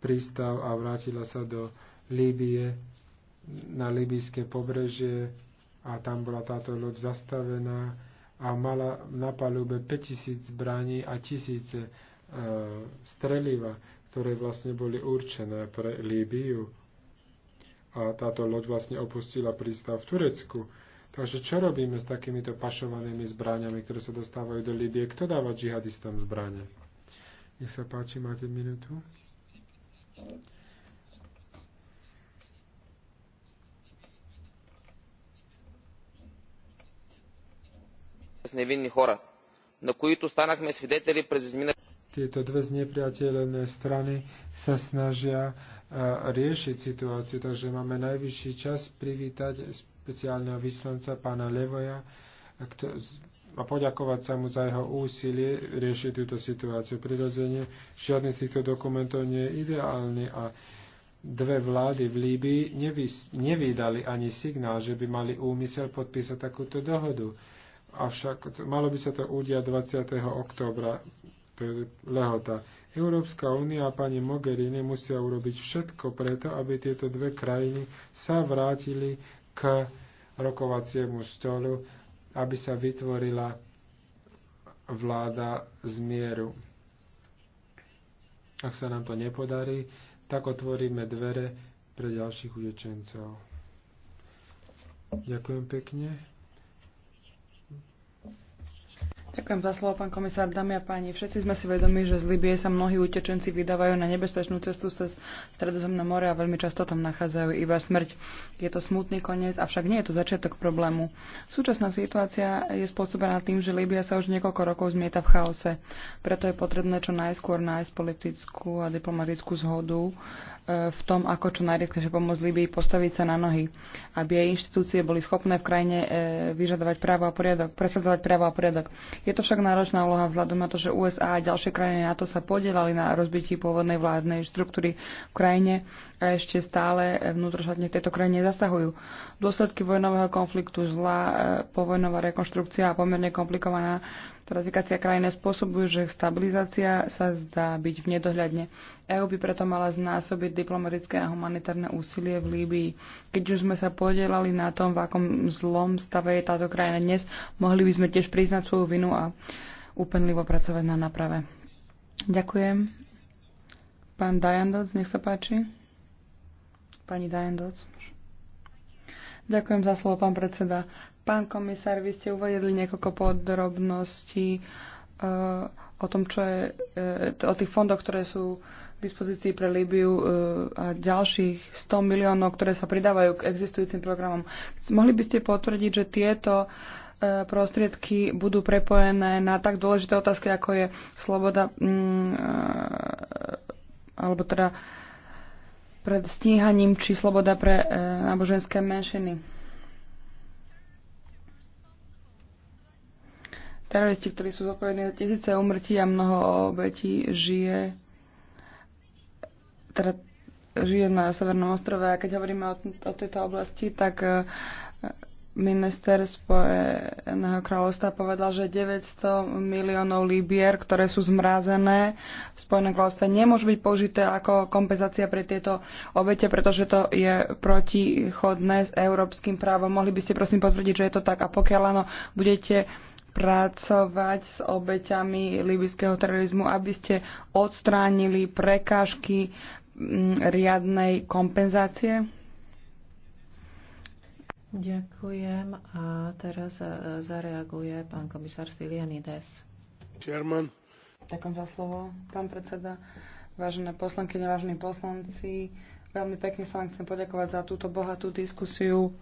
prístav a vrátila sa do Líbie, na libijské pobrežie a tam bola táto loď zastavená a mala na palube 5000 zbraní a tisíce e, streliva, ktoré vlastne boli určené pre Líbiu a táto loď vlastne opustila prístav v Turecku. Takže čo robíme s takýmito pašovanými zbraniami, ktoré sa dostávajú do Libie? Kto dáva džihadistom zbranie? Nech sa páči, máte minútu. невинни хора, на които станахме свидетели през изминалите. Tieto dve znepriateľené strany sa snažia riešiť situáciu. Takže máme najvyšší čas privítať špeciálneho vyslanca pána Levoja a poďakovať sa mu za jeho úsilie riešiť túto situáciu. Prirodzene žiadny z týchto dokumentov nie je ideálny a dve vlády v Líbii nevydali ani signál, že by mali úmysel podpísať takúto dohodu. Avšak malo by sa to udiať 20. októbra, to je lehota. Európska únia a pani Mogherini musia urobiť všetko preto, aby tieto dve krajiny sa vrátili k rokovaciemu stolu, aby sa vytvorila vláda zmieru. Ak sa nám to nepodarí, tak otvoríme dvere pre ďalších utečencov. Ďakujem pekne. Ďakujem za slovo, pán komisár. Dámy a páni, všetci sme si vedomi, že z Libie sa mnohí utečenci vydávajú na nebezpečnú cestu cez Stredozemné more a veľmi často tam nachádzajú iba smrť. Je to smutný koniec, avšak nie je to začiatok problému. Súčasná situácia je spôsobená tým, že Líbia sa už niekoľko rokov zmieta v chaose. Preto je potrebné čo najskôr nájsť politickú a diplomatickú zhodu e, v tom, ako čo najrychlejšie pomôcť Líbii postaviť sa na nohy, aby jej inštitúcie boli schopné v krajine e, vyžadovať právo a poriadok, presadzovať právo a poriadok. Je to však náročná úloha vzhľadom na to, že USA a ďalšie krajiny NATO sa podielali na rozbití pôvodnej vládnej štruktúry v krajine a ešte stále vnútrošatne v tejto krajine zasahujú. Dôsledky vojnového konfliktu, zlá e, povojnová rekonštrukcia a pomerne komplikovaná Ratifikácia krajiny spôsobuje, že stabilizácia sa zdá byť v nedohľadne. EÚ by preto mala znásobiť diplomatické a humanitárne úsilie v Líbii. Keď už sme sa podielali na tom, v akom zlom stave je táto krajina dnes, mohli by sme tiež priznať svoju vinu a úpenlivo pracovať na naprave. Ďakujem. Pán Dajandoc, nech sa páči. Pani Dajandoc. Ďakujem za slovo, pán predseda. Pán komisár, vy ste uvedli niekoľko podrobností e, o tom, čo je, e, o tých fondoch, ktoré sú k dispozícii pre Líbiu e, a ďalších 100 miliónov, ktoré sa pridávajú k existujúcim programom. Mohli by ste potvrdiť, že tieto prostriedky budú prepojené na tak dôležité otázky, ako je sloboda mm, alebo teda pred stíhaním či sloboda pre náboženské menšiny. Teroristi, ktorí sú zodpovední za tisíce umrtí a mnoho obetí, žije, teda žije na Severnom ostrove. A keď hovoríme o, o tejto oblasti, tak e, minister Spojeného kráľovstva povedal, že 900 miliónov libier, ktoré sú zmrazené v Spojeném kráľovstve, nemôžu byť použité ako kompenzácia pre tieto obete, pretože to je protichodné s európskym právom. Mohli by ste prosím potvrdiť, že je to tak a pokiaľ áno, budete uh, pracovať s obeťami libyského terorizmu, aby ste odstránili prekážky mm, riadnej kompenzácie? Ďakujem. A teraz e, zareaguje pán komisár Stylianides. Chairman. Ďakujem za slovo, pán predseda. Vážené poslanky, vážení poslanci, veľmi pekne sa vám chcem poďakovať za túto bohatú diskusiu.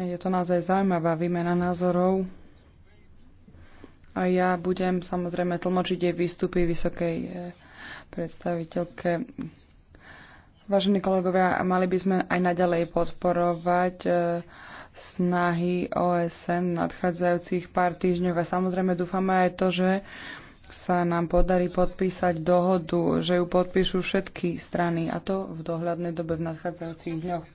Je to naozaj zaujímavá výmena názorov. A ja budem samozrejme tlmočiť jej výstupy vysokej eh, predstaviteľke. Vážení kolegovia, mali by sme aj naďalej podporovať eh, snahy OSN nadchádzajúcich pár týždňov a samozrejme dúfame aj to, že sa nám podarí podpísať dohodu, že ju podpíšu všetky strany a to v dohľadnej dobe v nadchádzajúcich dňoch.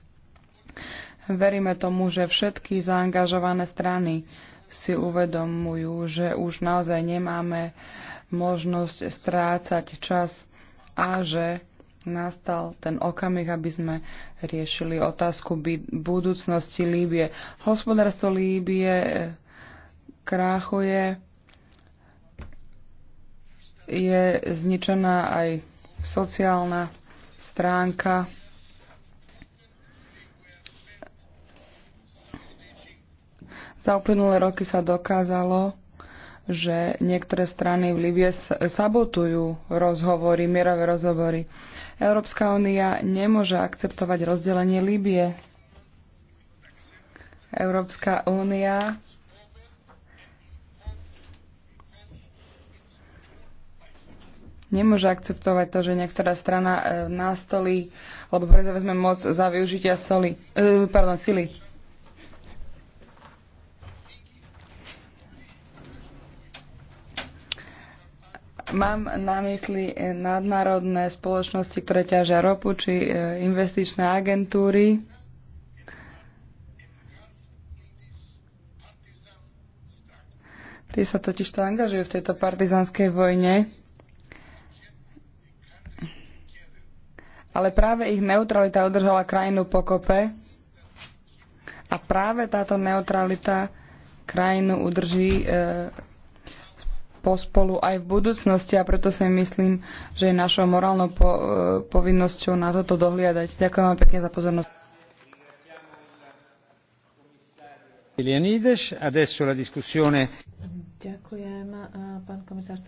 Veríme tomu, že všetky zaangažované strany si uvedomujú, že už naozaj nemáme možnosť strácať čas a že nastal ten okamih, aby sme riešili otázku budúcnosti Líbie. Hospodárstvo Líbie eh, kráchuje, je zničená aj sociálna stránka Za uplynulé roky sa dokázalo, že niektoré strany v Libie sabotujú rozhovory, mierové rozhovory. Európska únia nemôže akceptovať rozdelenie Libie. Európska únia nemôže akceptovať to, že niektorá strana e, nastolí, lebo prezavezme moc za využitia soli, e, pardon, sily. Mám na mysli e, nadnárodné spoločnosti, ktoré ťažia ropu, či e, investičné agentúry. Tí sa totiž to angažujú v tejto partizanskej vojne. Ale práve ich neutralita udržala krajinu pokope a práve táto neutralita krajinu udrží e, pospolu aj v budúcnosti a preto si myslím, že je našou morálnou po, e, povinnosťou na toto dohliadať. Ďakujem vám pekne za pozornosť. Ďakujem, e, pán komisár.